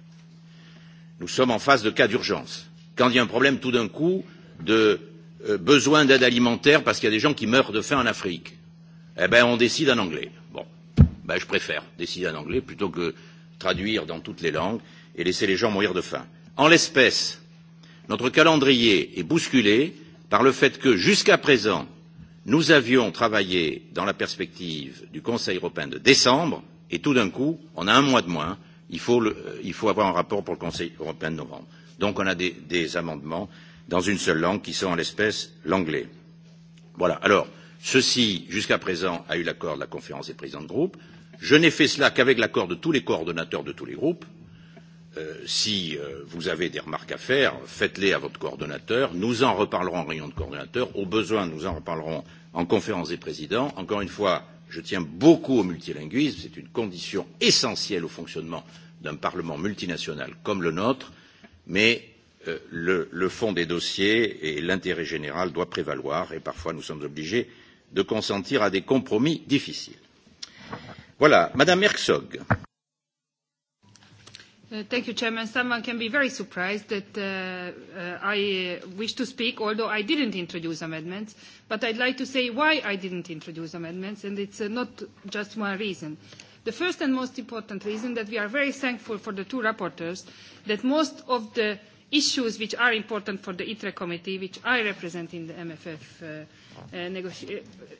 Nous sommes en phase de cas d'urgence. Quand il y a un problème tout d'un coup de besoin d'aide alimentaire parce qu'il y a des gens qui meurent de faim en Afrique. Eh bien, on décide en anglais. Bon, ben, je préfère décider en anglais plutôt que traduire dans toutes les langues et laisser les gens mourir de faim. En l'espèce, notre calendrier est bousculé par le fait que, jusqu'à présent, nous avions travaillé dans la perspective du Conseil européen de décembre et tout d'un coup, on a un mois de moins, il faut avoir un rapport pour le Conseil européen de novembre. Donc on a des amendements dans une seule langue, qui sont en l'espèce l'anglais. Voilà. Alors, ceci, jusqu'à présent, a eu l'accord de la conférence des présidents de groupe. Je n'ai fait cela qu'avec l'accord de tous les coordonnateurs de tous les groupes. Si vous avez des remarques à faire, faites-les à votre coordonnateur. Nous en reparlerons en réunion de coordonnateurs. Au besoin, nous en reparlerons en conférence des présidents. Encore une fois, je tiens beaucoup au multilinguisme. C'est une condition essentielle au fonctionnement d'un Parlement multinational comme le nôtre. Mais le le fond des dossiers et l'intérêt général doit prévaloir et parfois nous sommes obligés de consentir à des compromis difficiles. Voilà, Madame Herzog. Thank you, Chairman. Someone can be very surprised that I wish to speak, although I didn't introduce amendments. But I'd like to say why I didn't introduce amendments, and it's not just one reason. The first and most important reason that we are very thankful for the two rapporteurs that most of the issues which are important for the ITRE committee, which I represent in the MFF,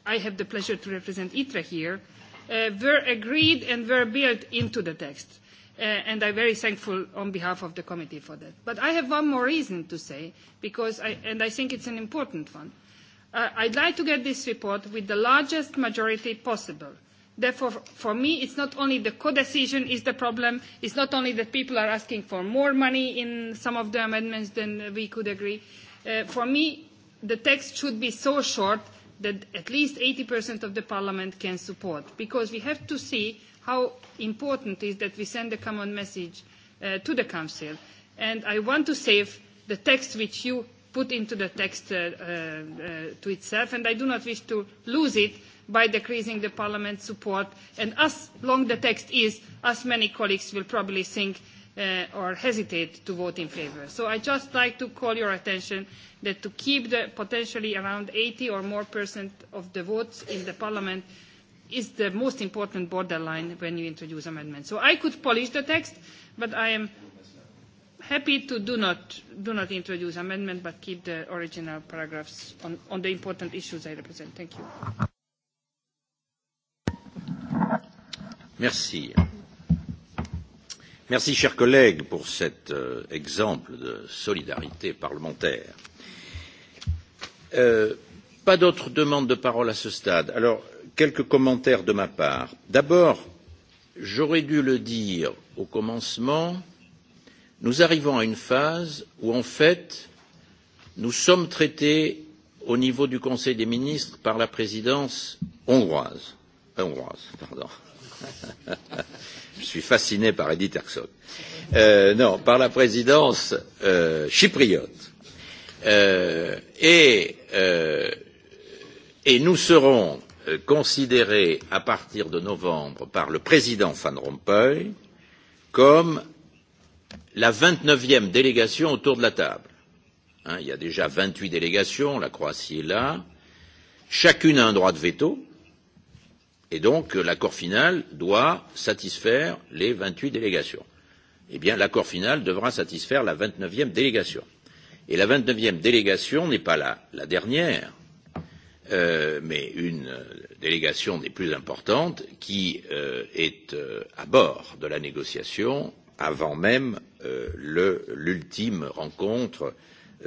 I have the pleasure to represent ITRE here, were agreed and were built into the text. And I'm very thankful on behalf of the committee for that. But I have one more reason to say, because and I think it's an important one. I'd like to get this report with the largest majority possible Therefore, for me, it's not only the codecision is the problem. It's not only that people are asking for more money in some of the amendments than we could agree. For me, the text should be so short that at least 80% of the Parliament can support, because we have to see how important it is that we send a common message to the Council. And I want to save the text which you put into the text to itself, and I do not wish to lose it by decreasing the Parliament's support. And as long the text is, as many colleagues will probably think or hesitate to vote in favour. So I just like to call your attention that to keep the potentially around 80 or more percent of the votes in the Parliament is the most important borderline when you introduce amendments. So I could polish the text, but I am happy to do not introduce amendments but keep the original paragraphs on the important issues I represent. Thank you. Merci. Merci, chers collègues, pour cet exemple de solidarité parlementaire. Pas d'autres demandes de parole à ce stade. Alors, quelques commentaires de ma part. D'abord, j'aurais dû le dire au commencement, nous arrivons à une phase où, en fait, nous sommes traités au niveau du Conseil des ministres par la présidence hongroise. Hongroise, pardon Je suis fasciné par Edith Herzog. Non, par la présidence chypriote. Et nous serons considérés à partir de novembre par le président Van Rompuy comme la 29e délégation autour de la table. Il y a déjà 28 délégations, la Croatie est là, chacune a un droit de veto Et donc, l'accord final doit satisfaire les vingt huit délégations. Eh bien, l'accord final devra satisfaire la 29e délégation. Et la 29e délégation n'est pas la dernière, mais une délégation des plus importantes qui est à bord de la négociation avant même l'ultime rencontre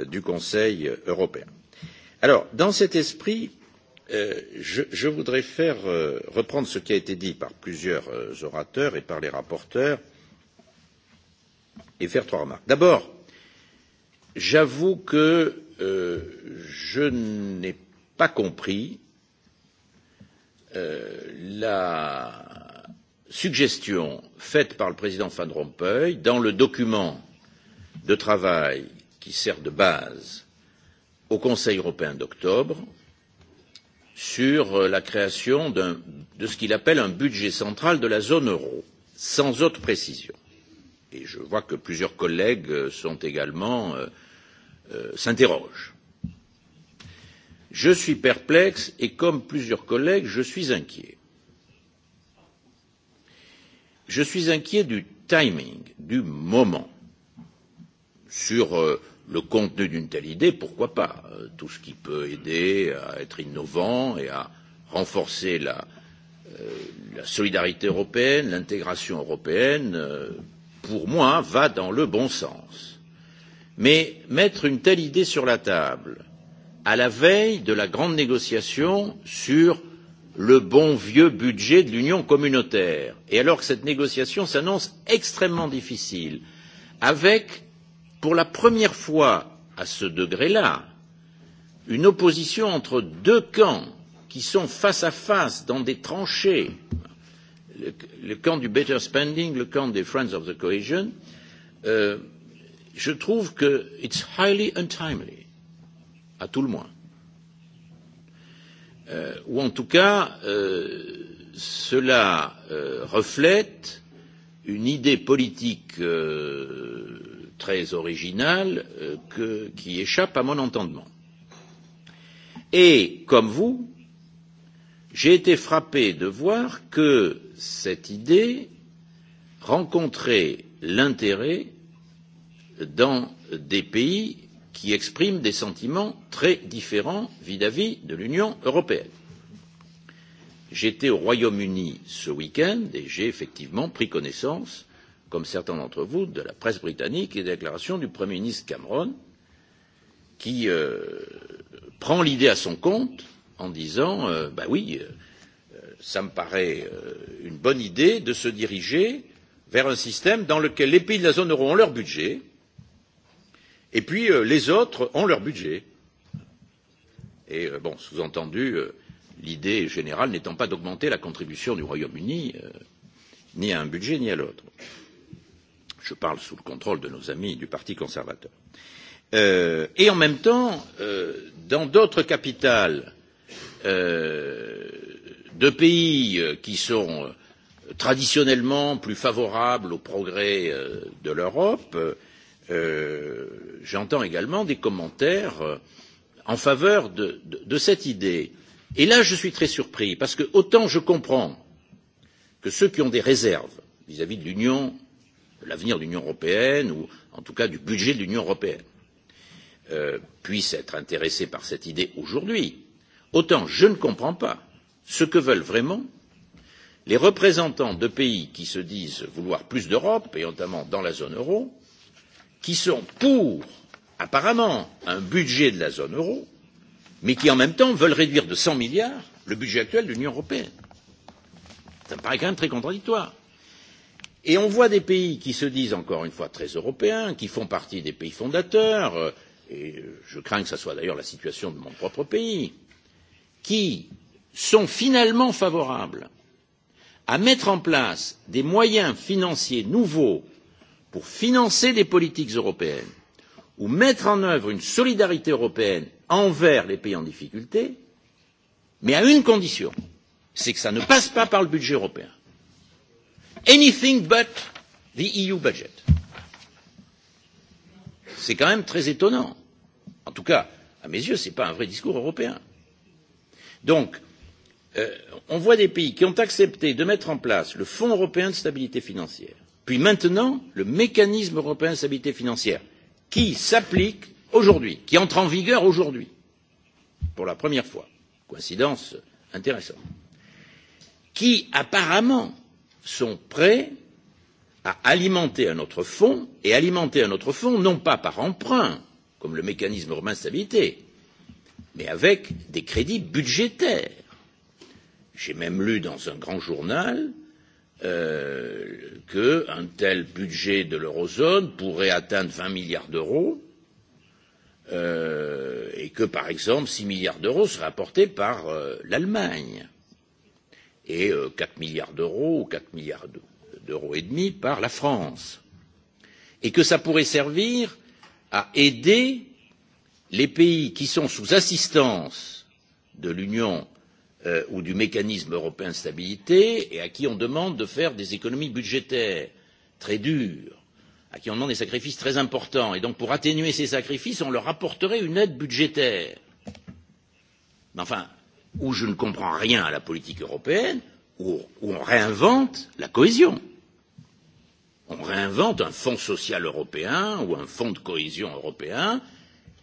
du Conseil européen. Alors, dans cet esprit, je voudrais faire reprendre ce qui a été dit par plusieurs orateurs et par les rapporteurs et faire trois remarques. D'abord, j'avoue que je n'ai pas compris la suggestion faite par le président Van Rompuy dans le document de travail qui sert de base au Conseil européen d'octobre sur la création de ce qu'il appelle un budget central de la zone euro, sans autre précision. Et je vois que plusieurs collègues sont également s'interrogent. Je suis perplexe et, comme plusieurs collègues, je suis inquiet. Je suis inquiet du timing, du moment, sur le contenu d'une telle idée, pourquoi pas Tout ce qui peut aider à être innovant et à renforcer la solidarité européenne, l'intégration européenne, pour moi, va dans le bon sens. Mais mettre une telle idée sur la table, à la veille de la grande négociation sur le bon vieux budget de l'Union communautaire, et alors que cette négociation s'annonce extrêmement difficile, avec pour la première fois à ce degré-là, une opposition entre deux camps qui sont face à face dans des tranchées, le camp du better spending, le camp des friends of the cohesion, je trouve que it's highly untimely, à tout le moins. Ou en tout cas, cela reflète une idée politique très original qui échappe à mon entendement. Et, comme vous, j'ai été frappé de voir que cette idée rencontrait l'intérêt dans des pays qui expriment des sentiments très différents vis à vis de l'Union européenne. J'étais au Royaume Uni ce week end et j'ai effectivement pris connaissance comme certains d'entre vous, de la presse britannique et des déclarations du Premier ministre Cameron, qui prend l'idée à son compte en disant Ben oui, ça me paraît une bonne idée de se diriger vers un système dans lequel les pays de la zone euro ont leur budget et puis les autres ont leur budget. Et bon, sous entendu, l'idée générale n'étant pas d'augmenter la contribution du Royaume Uni ni à un budget ni à l'autre je parle sous le contrôle de nos amis du Parti conservateur. Et en même temps, dans d'autres capitales de pays qui sont traditionnellement plus favorables au progrès de l'Europe, j'entends également des commentaires en faveur de cette idée. Et là, je suis très surpris, parce que autant je comprends que ceux qui ont des réserves vis à vis de l'Union l'avenir de l'Union européenne ou en tout cas du budget de l'Union européenne puisse être intéressé par cette idée aujourd'hui, autant je ne comprends pas ce que veulent vraiment les représentants de pays qui se disent vouloir plus d'Europe, et notamment dans la zone euro, qui sont pour, apparemment, un budget de la zone euro, mais qui en même temps veulent réduire de 100 milliards le budget actuel de l'Union européenne. Ça me paraît quand même très contradictoire et on voit des pays qui se disent encore une fois très européens qui font partie des pays fondateurs et je crains que ce soit d'ailleurs la situation de mon propre pays qui sont finalement favorables à mettre en place des moyens financiers nouveaux pour financer des politiques européennes ou mettre en œuvre une solidarité européenne envers les pays en difficulté mais à une condition c'est que ça ne passe pas par le budget européen anything but the EU budget. C'est quand même très étonnant. En tout cas, à mes yeux, ce n'est pas un vrai discours européen. Donc, on voit des pays qui ont accepté de mettre en place le Fonds européen de stabilité financière, puis maintenant le mécanisme européen de stabilité financière, qui s'applique aujourd'hui, qui entre en vigueur aujourd'hui, pour la première fois. Coïncidence intéressante. Qui apparemment sont prêts à alimenter un autre fonds et alimenter un autre fonds non pas par emprunt, comme le mécanisme romain de stabilité, mais avec des crédits budgétaires. J'ai même lu dans un grand journal qu'un tel budget de l'eurozone pourrait atteindre 20 milliards d'euros et que, par exemple, 6 milliards d'euros seraient apportés par l'Allemagne et 4 milliards d'euros ou 4 milliards d'euros et demi par la France et que ça pourrait servir à aider les pays qui sont sous assistance de l'Union ou du mécanisme européen de stabilité et à qui on demande de faire des économies budgétaires très dures, à qui on demande des sacrifices très importants. Et donc pour atténuer ces sacrifices, on leur apporterait une aide budgétaire. Enfin, où je ne comprends rien à la politique européenne, où on réinvente la cohésion. On réinvente un fonds social européen ou un fonds de cohésion européen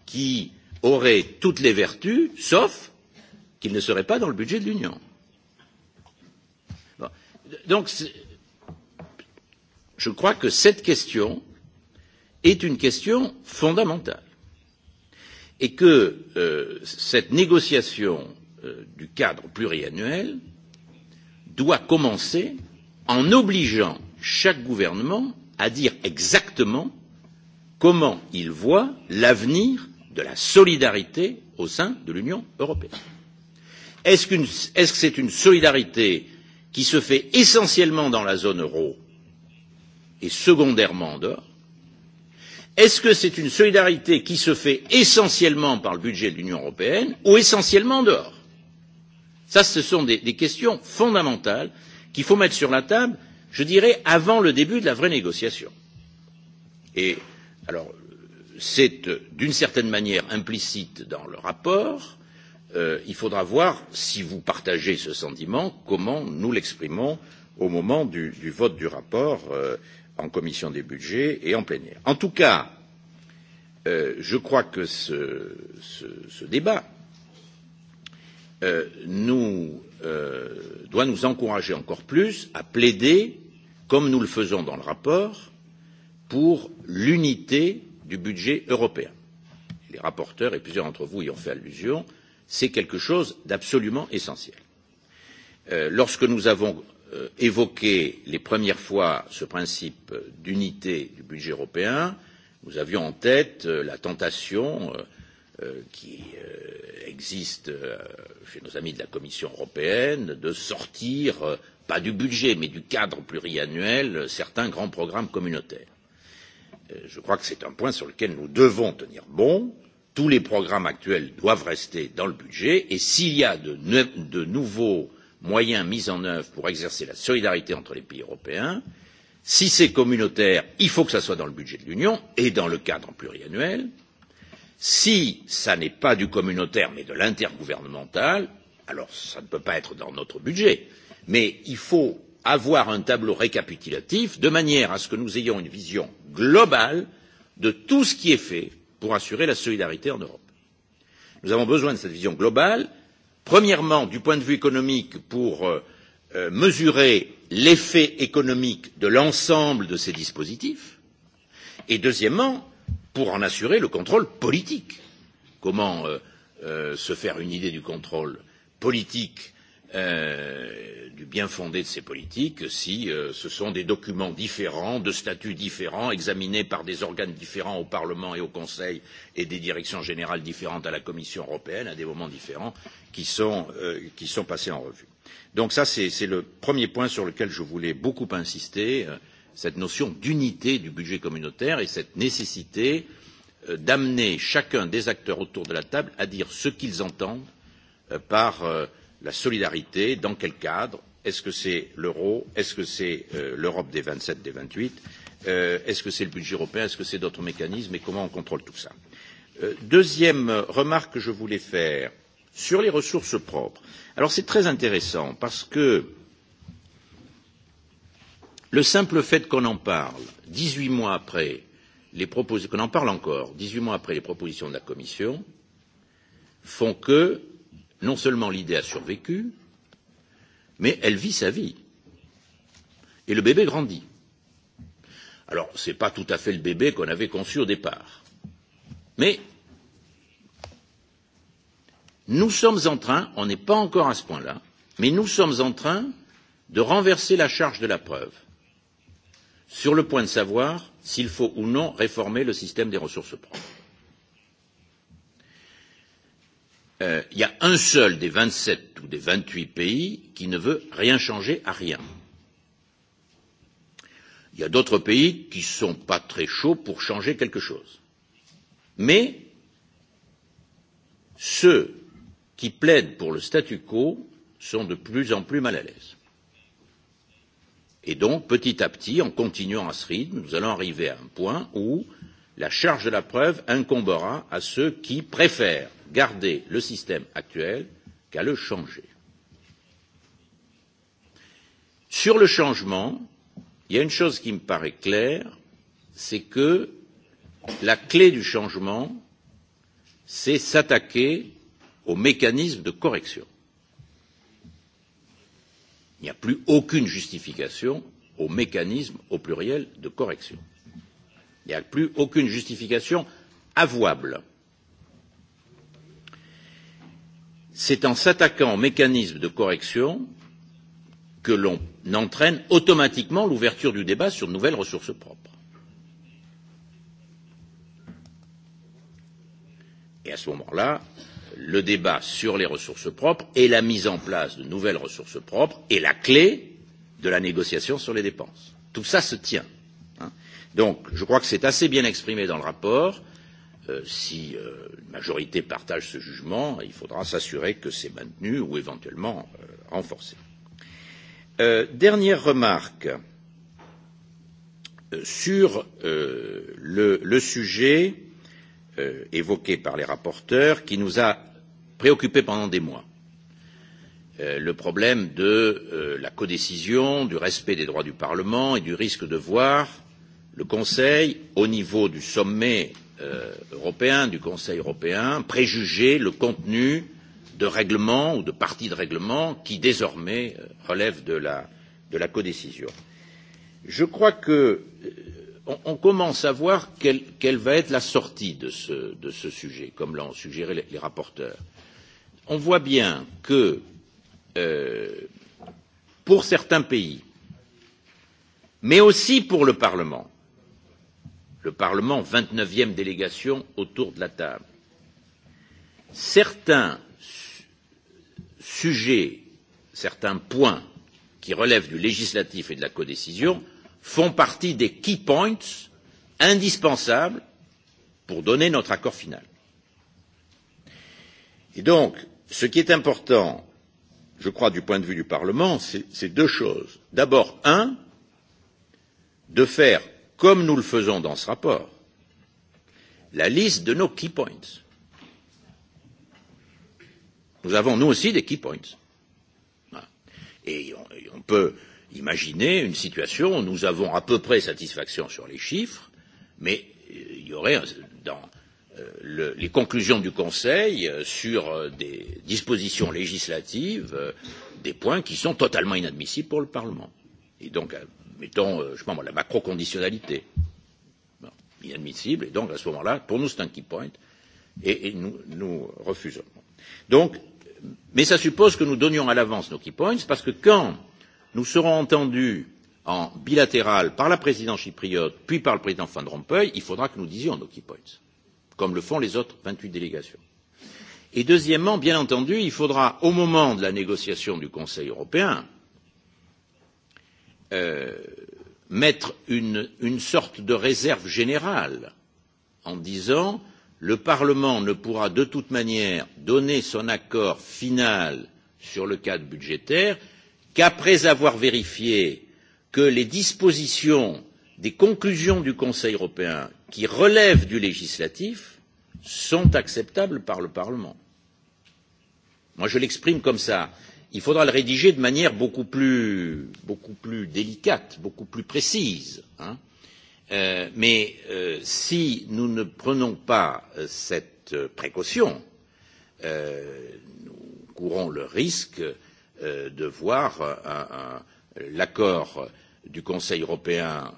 qui aurait toutes les vertus, sauf qu'il ne serait pas dans le budget de l'Union. Donc, je crois que cette question est une question fondamentale et que cette négociation du cadre pluriannuel doit commencer en obligeant chaque gouvernement à dire exactement comment il voit l'avenir de la solidarité au sein de l'Union européenne. Est-ce que c'est une solidarité qui se fait essentiellement dans la zone euro et secondairement en dehors Est-ce que c'est une solidarité qui se fait essentiellement par le budget de l'Union européenne ou essentiellement en dehors Ça, ce sont des, questions fondamentales qu'il faut mettre sur la table, je dirais, avant le début de la vraie négociation. alors, c'est d'une certaine manière implicite dans le rapport. il faudra voir, si vous partagez ce sentiment, comment nous l'exprimons au moment du, vote du rapport en commission des budgets et en plénière. En tout cas, je crois que ce, ce débat doit nous encourager encore plus à plaider, comme nous le faisons dans le rapport, pour l'unité du budget européen. Les rapporteurs et plusieurs d'entre vous y ont fait allusion, c'est quelque chose d'absolument essentiel. Lorsque nous avons évoqué les premières fois ce principe d'unité du budget européen, nous avions en tête la tentation qui existe chez nos amis de la Commission européenne, de sortir, pas du budget, mais du cadre pluriannuel, certains grands programmes communautaires. Je crois que c'est un point sur lequel nous devons tenir bon. Tous les programmes actuels doivent rester dans le budget et s'il y a de nouveaux moyens mis en œuvre pour exercer la solidarité entre les pays européens, si c'est communautaire, il faut que ce soit dans le budget de l'Union et dans le cadre pluriannuel Si ça n'est pas du communautaire mais de l'intergouvernemental, alors ça ne peut pas être dans notre budget, mais il faut avoir un tableau récapitulatif de manière à ce que nous ayons une vision globale de tout ce qui est fait pour assurer la solidarité en Europe. Nous avons besoin de cette vision globale, premièrement du point de vue économique pour mesurer l'effet économique de l'ensemble de ces dispositifs, et deuxièmement pour en assurer le contrôle politique. Comment se faire une idée du contrôle politique du bien fondé de ces politiques si ce sont des documents différents, de statuts différents, examinés par des organes différents au Parlement et au Conseil et des directions générales différentes à la Commission européenne à des moments différents qui sont passés en revue. Donc ça, c'est le premier point sur lequel je voulais beaucoup insister cette notion d'unité du budget communautaire et cette nécessité d'amener chacun des acteurs autour de la table à dire ce qu'ils entendent par la solidarité, dans quel cadre, est-ce que c'est l'euro, est-ce que c'est l'Europe des 27, des 28, est-ce que c'est le budget européen, est-ce que c'est d'autres mécanismes et comment on contrôle tout ça. Deuxième remarque que je voulais faire, sur les ressources propres. Alors c'est très intéressant parce que Le simple fait qu'on en parle, 18 mois après, qu'on en parle encore, 18 mois après les propositions de la Commission, font que, non seulement l'idée a survécu, mais elle vit sa vie. Et le bébé grandit. Alors, ce n'est pas tout à fait le bébé qu'on avait conçu au départ. Mais, nous sommes en train, on n'est pas encore à ce point-là, mais nous sommes en train de renverser la charge de la preuve sur le point de savoir s'il faut ou non réformer le système des ressources propres. Il y a un seul des vingt sept ou des vingt huit pays qui ne veut rien changer à rien. Il y a d'autres pays qui ne sont pas très chauds pour changer quelque chose. Mais ceux qui plaident pour le statu quo sont de plus en plus mal à l'aise. Et donc, petit à petit, en continuant à ce rythme, nous allons arriver à un point où la charge de la preuve incombera à ceux qui préfèrent garder le système actuel qu'à le changer. Sur le changement, il y a une chose qui me paraît claire, c'est que la clé du changement, c'est s'attaquer aux mécanismes de correction. Il n'y a plus aucune justification au mécanisme, au pluriel, de correction. Il n'y a plus aucune justification avouable. C'est en s'attaquant au mécanisme de correction que l'on entraîne automatiquement l'ouverture du débat sur de nouvelles ressources propres. Et à ce moment-là, le débat sur les ressources propres et la mise en place de nouvelles ressources propres est la clé de la négociation sur les dépenses. Tout ça se tient. Donc, je crois que c'est assez bien exprimé dans le rapport. Si une majorité partage ce jugement, il faudra s'assurer que c'est maintenu ou éventuellement renforcé. Dernière remarque sur le sujet évoqué par les rapporteurs qui nous a préoccupé pendant des mois le problème de la codécision, du respect des droits du Parlement et du risque de voir le Conseil, au niveau du sommet européen, du Conseil européen, préjuger le contenu de règlements ou de parties de règlements qui, désormais, relèvent de la codécision. Je crois que on commence à voir quelle va être la sortie de ce sujet, comme l'ont suggéré les rapporteurs. On voit bien que, pour certains pays, mais aussi pour le Parlement, le Parlement, 29e délégation autour de la table, certains sujets, certains points qui relèvent du législatif et de la codécision font partie des key points indispensables pour donner notre accord final. Et donc, ce qui est important, je crois, du point de vue du Parlement, c'est deux choses. D'abord, un, de faire, comme nous le faisons dans ce rapport, la liste de nos key points. Nous avons, nous aussi, des key points. Et on peut Imaginez une situation où nous avons à peu près satisfaction sur les chiffres, mais il y aurait dans les conclusions du Conseil sur des dispositions législatives des points qui sont totalement inadmissibles pour le Parlement. Et donc, mettons, je pense la macro-conditionnalité, la macroconditionnalité. Inadmissible. Et donc, à ce moment-là, pour nous, c'est un key point. Et nous refusons. Donc, mais ça suppose que nous donnions à l'avance nos key points, parce que quand nous serons entendus en bilatéral par la présidence chypriote puis par le président van rompuy il faudra que nous disions nos key points comme le font les autres vingt huit délégations. et deuxièmement bien entendu il faudra au moment de la négociation du conseil européen mettre une sorte de réserve générale en disant le parlement ne pourra de toute manière donner son accord final sur le cadre budgétaire qu'après avoir vérifié que les dispositions des conclusions du Conseil européen qui relèvent du législatif sont acceptables par le Parlement. Moi, je l'exprime comme ça. Il faudra le rédiger de manière beaucoup plus délicate, beaucoup plus précise. Mais si nous ne prenons pas cette précaution, nous courons le risque de voir l'accord du Conseil européen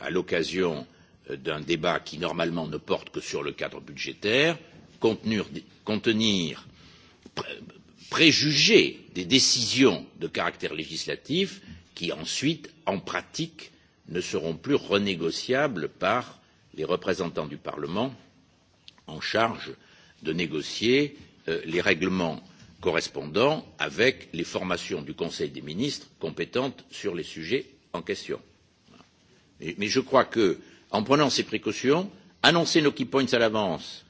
à l'occasion d'un débat qui normalement ne porte que sur le cadre budgétaire contenir préjuger des décisions de caractère législatif qui ensuite en pratique ne seront plus renégociables par les représentants du Parlement en charge de négocier les règlements correspondant avec les formations du Conseil des ministres compétentes sur les sujets en question. Mais je crois que, en prenant ces précautions, annoncer nos key points à l'avance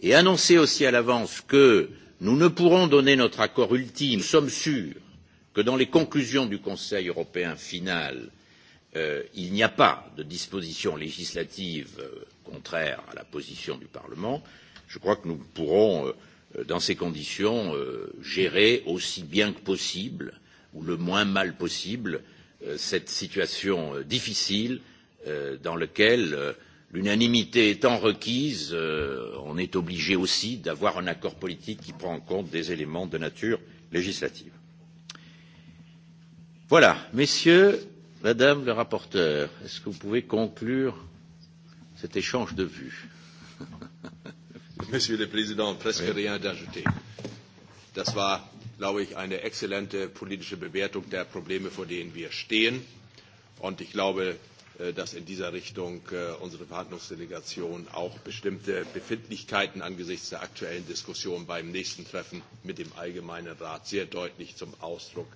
et annoncer aussi à l'avance que nous ne pourrons donner notre accord ultime, nous sommes sûrs que dans les conclusions du Conseil européen final, il n'y a pas de disposition législative contraire à la position du Parlement, je crois que nous pourrons dans ces conditions, gérer aussi bien que possible, ou le moins mal possible, cette situation difficile dans laquelle l'unanimité étant requise, on est obligé aussi d'avoir un accord politique qui prend en compte des éléments de nature législative. Voilà. Messieurs, Madame le rapporteur, est-ce que vous pouvez conclure cet échange de vues Monsieur le Président, presque rien d'ajouter. Das war, glaube ich, eine exzellente politische Bewertung der Probleme, vor denen wir stehen. Und ich glaube, dass in dieser Richtung unsere Verhandlungsdelegation auch bestimmte Befindlichkeiten angesichts der aktuellen Diskussion beim nächsten Treffen mit dem Allgemeinen Rat sehr deutlich zum Ausdruck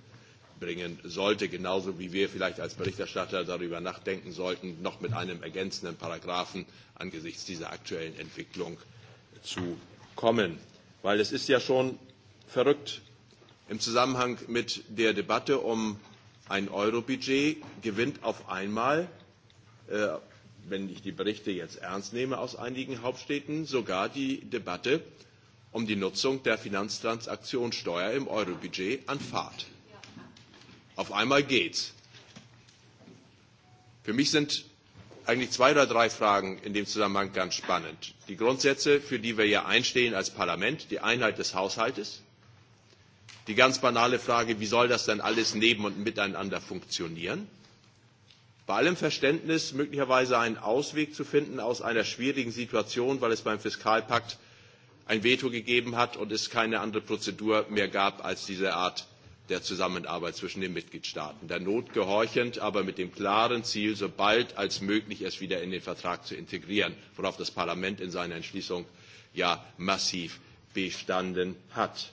bringen sollte, genauso wie wir vielleicht als Berichterstatter darüber nachdenken sollten, noch mit einem ergänzenden Paragraphen angesichts dieser aktuellen Entwicklung zu kommen. Weil es ist ja schon verrückt im Zusammenhang mit der Debatte um ein Eurobudget gewinnt auf einmal, wenn ich die Berichte jetzt ernst nehme aus einigen Hauptstädten, sogar die Debatte um die Nutzung der Finanztransaktionssteuer im Eurobudget an Fahrt. Auf einmal geht's. Für mich sind eigentlich zwei oder drei Fragen in dem Zusammenhang ganz spannend. Die Grundsätze, für die wir ja einstehen als Parlament, die Einheit des Haushaltes, die ganz banale Frage, wie soll das denn alles neben und miteinander funktionieren? Bei allem Verständnis möglicherweise einen Ausweg zu finden aus einer schwierigen Situation, weil es beim Fiskalpakt ein Veto gegeben hat und es keine andere Prozedur mehr gab als diese Art der Zusammenarbeit zwischen den Mitgliedstaaten, der Not gehorchend, aber mit dem klaren Ziel, so bald als möglich es wieder in den Vertrag zu integrieren, worauf das Parlament in seiner Entschließung ja massiv bestanden hat.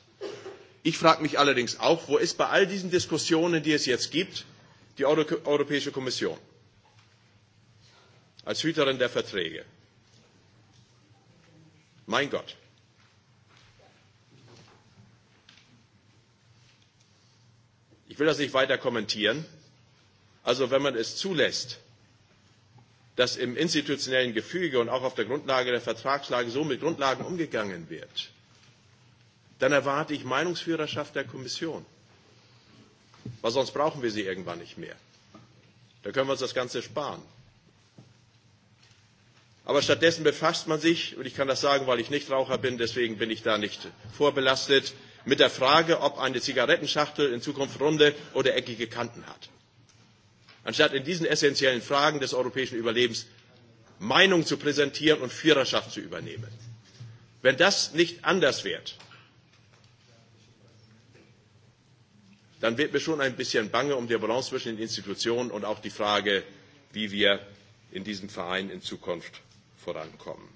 Ich frage mich allerdings auch, wo ist bei all diesen Diskussionen, die es jetzt gibt, die Europäische Kommission als Hüterin der Verträge? Mein Gott. will das nicht weiter kommentieren. Also wenn man es zulässt, dass im institutionellen Gefüge und auch auf der Grundlage der Vertragslage so mit Grundlagen umgegangen wird, dann erwarte ich Meinungsführerschaft der Kommission. Weil sonst brauchen wir sie irgendwann nicht mehr. Da können wir uns das Ganze sparen. Aber stattdessen befasst man sich, und ich kann das sagen, weil ich Nichtraucher bin, deswegen bin ich da nicht vorbelastet, mit der Frage, ob eine Zigarettenschachtel in Zukunft runde oder eckige Kanten hat. Anstatt in diesen essentiellen Fragen des europäischen Überlebens Meinung zu präsentieren und Führerschaft zu übernehmen. Wenn das nicht anders wird, dann wird mir schon ein bisschen bange um die Balance zwischen den Institutionen und auch die Frage, wie wir in diesem Verein in Zukunft vorankommen.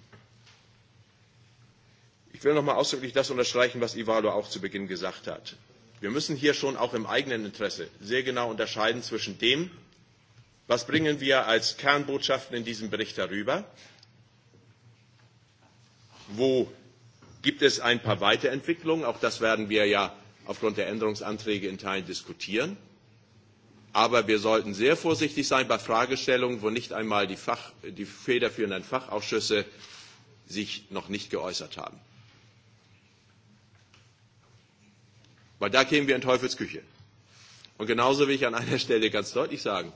Ich will noch einmal ausdrücklich das unterstreichen, was Ivalo auch zu Beginn gesagt hat. Wir müssen hier schon auch im eigenen Interesse sehr genau unterscheiden zwischen dem, was bringen wir als Kernbotschaften in diesem Bericht darüber, wo gibt es ein paar Weiterentwicklungen, auch das werden wir ja aufgrund der Änderungsanträge in Teilen diskutieren, aber wir sollten sehr vorsichtig sein bei Fragestellungen, wo nicht einmal die federführenden Fachausschüsse noch nicht geäußert haben. Weil da kämen wir in Teufelsküche. Und genauso will ich an einer Stelle ganz deutlich sagen,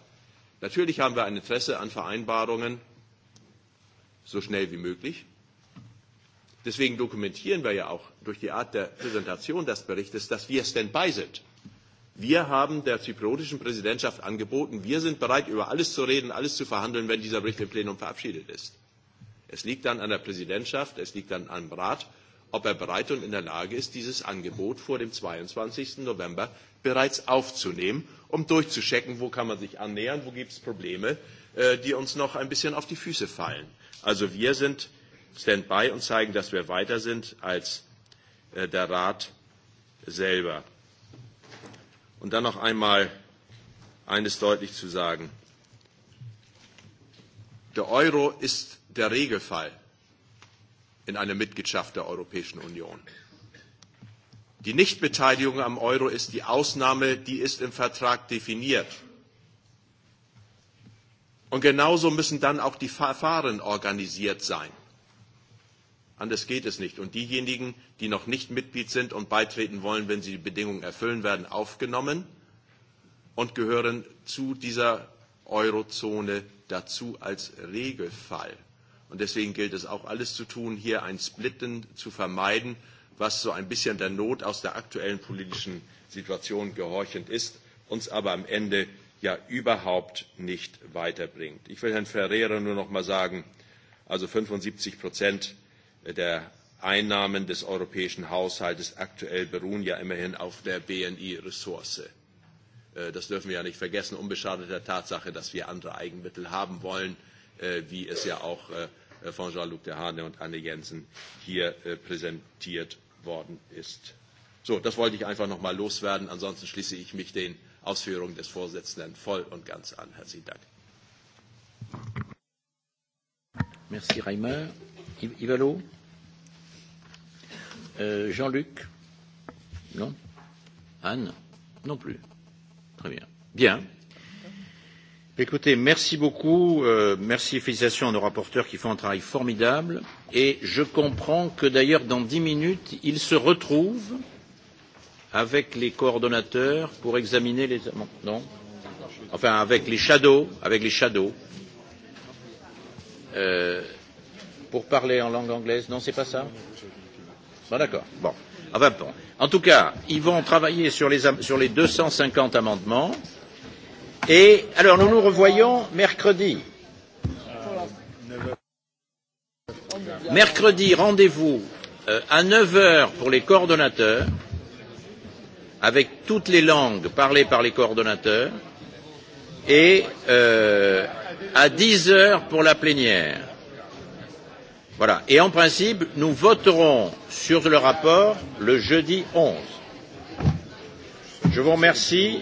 natürlich haben wir ein Interesse an Vereinbarungen so schnell wie möglich. Deswegen dokumentieren wir ja auch durch die Art der Präsentation des Berichtes, dass wir bei sind. Wir haben der zypriotischen Präsidentschaft angeboten, wir sind bereit, über alles zu reden, alles zu verhandeln, wenn dieser Bericht im Plenum verabschiedet ist. Es liegt dann an der Präsidentschaft, es liegt dann am Rat, ob er bereit und in der Lage ist, dieses Angebot vor dem 22. November bereits aufzunehmen, um durchzuchecken, wo kann man sich annähern, wo gibt es Probleme, die uns noch ein bisschen auf die Füße fallen. Also wir sind stand by und zeigen, dass wir weiter sind als der Rat selber. Und dann noch einmal eines deutlich zu sagen. Der Euro ist der Regelfall in einer Mitgliedschaft der Europäischen Union. Die Nichtbeteiligung am Euro ist die Ausnahme, die ist im Vertrag definiert. Und genauso müssen dann auch die Verfahren organisiert sein. Anders geht es nicht. Und diejenigen, die noch nicht Mitglied sind und beitreten wollen, wenn sie die Bedingungen erfüllen, werden aufgenommen und gehören zu dieser Eurozone dazu als Regelfall. Und deswegen gilt es auch alles zu tun, hier ein Splitten zu vermeiden, was so ein bisschen der Not aus der aktuellen politischen Situation gehorchend ist, uns aber am Ende ja überhaupt nicht weiterbringt. Ich will Herrn Ferreira nur noch mal sagen, also 75 der Einnahmen des europäischen Haushaltes aktuell beruhen ja immerhin auf der BNI-Ressource. Das dürfen wir ja nicht vergessen, unbeschadet der Tatsache, dass wir andere Eigenmittel haben wollen wie es ja auch von Jean-Luc Dehane und Anne Jensen hier präsentiert worden ist. So, das wollte ich einfach noch mal loswerden. Ansonsten schließe ich mich den Ausführungen des Vorsitzenden voll und ganz an. Herzlichen Dank. Merci, Reimer. Ivalo? Jean-Luc? Non? Anne? Non plus. Très Bien. Écoutez, merci beaucoup. Merci et félicitations à nos rapporteurs qui font un travail formidable. Et je comprends que d'ailleurs, dans dix minutes, ils se retrouvent avec les coordonnateurs pour examiner les amendements. Enfin, avec les shadows. Avec les shadows. Pour parler en langue anglaise. Non, c'est pas ça Bon, d'accord. Bon. Enfin, bon. En tout cas, ils vont travailler sur les 250 amendements. Et alors nous nous revoyons mercredi. Mercredi, rendez-vous à heures pour les coordonnateurs, avec toutes les langues parlées par les coordonnateurs, et à heures pour la plénière. Voilà. Et en principe, nous voterons sur le rapport le jeudi 11. Je vous remercie.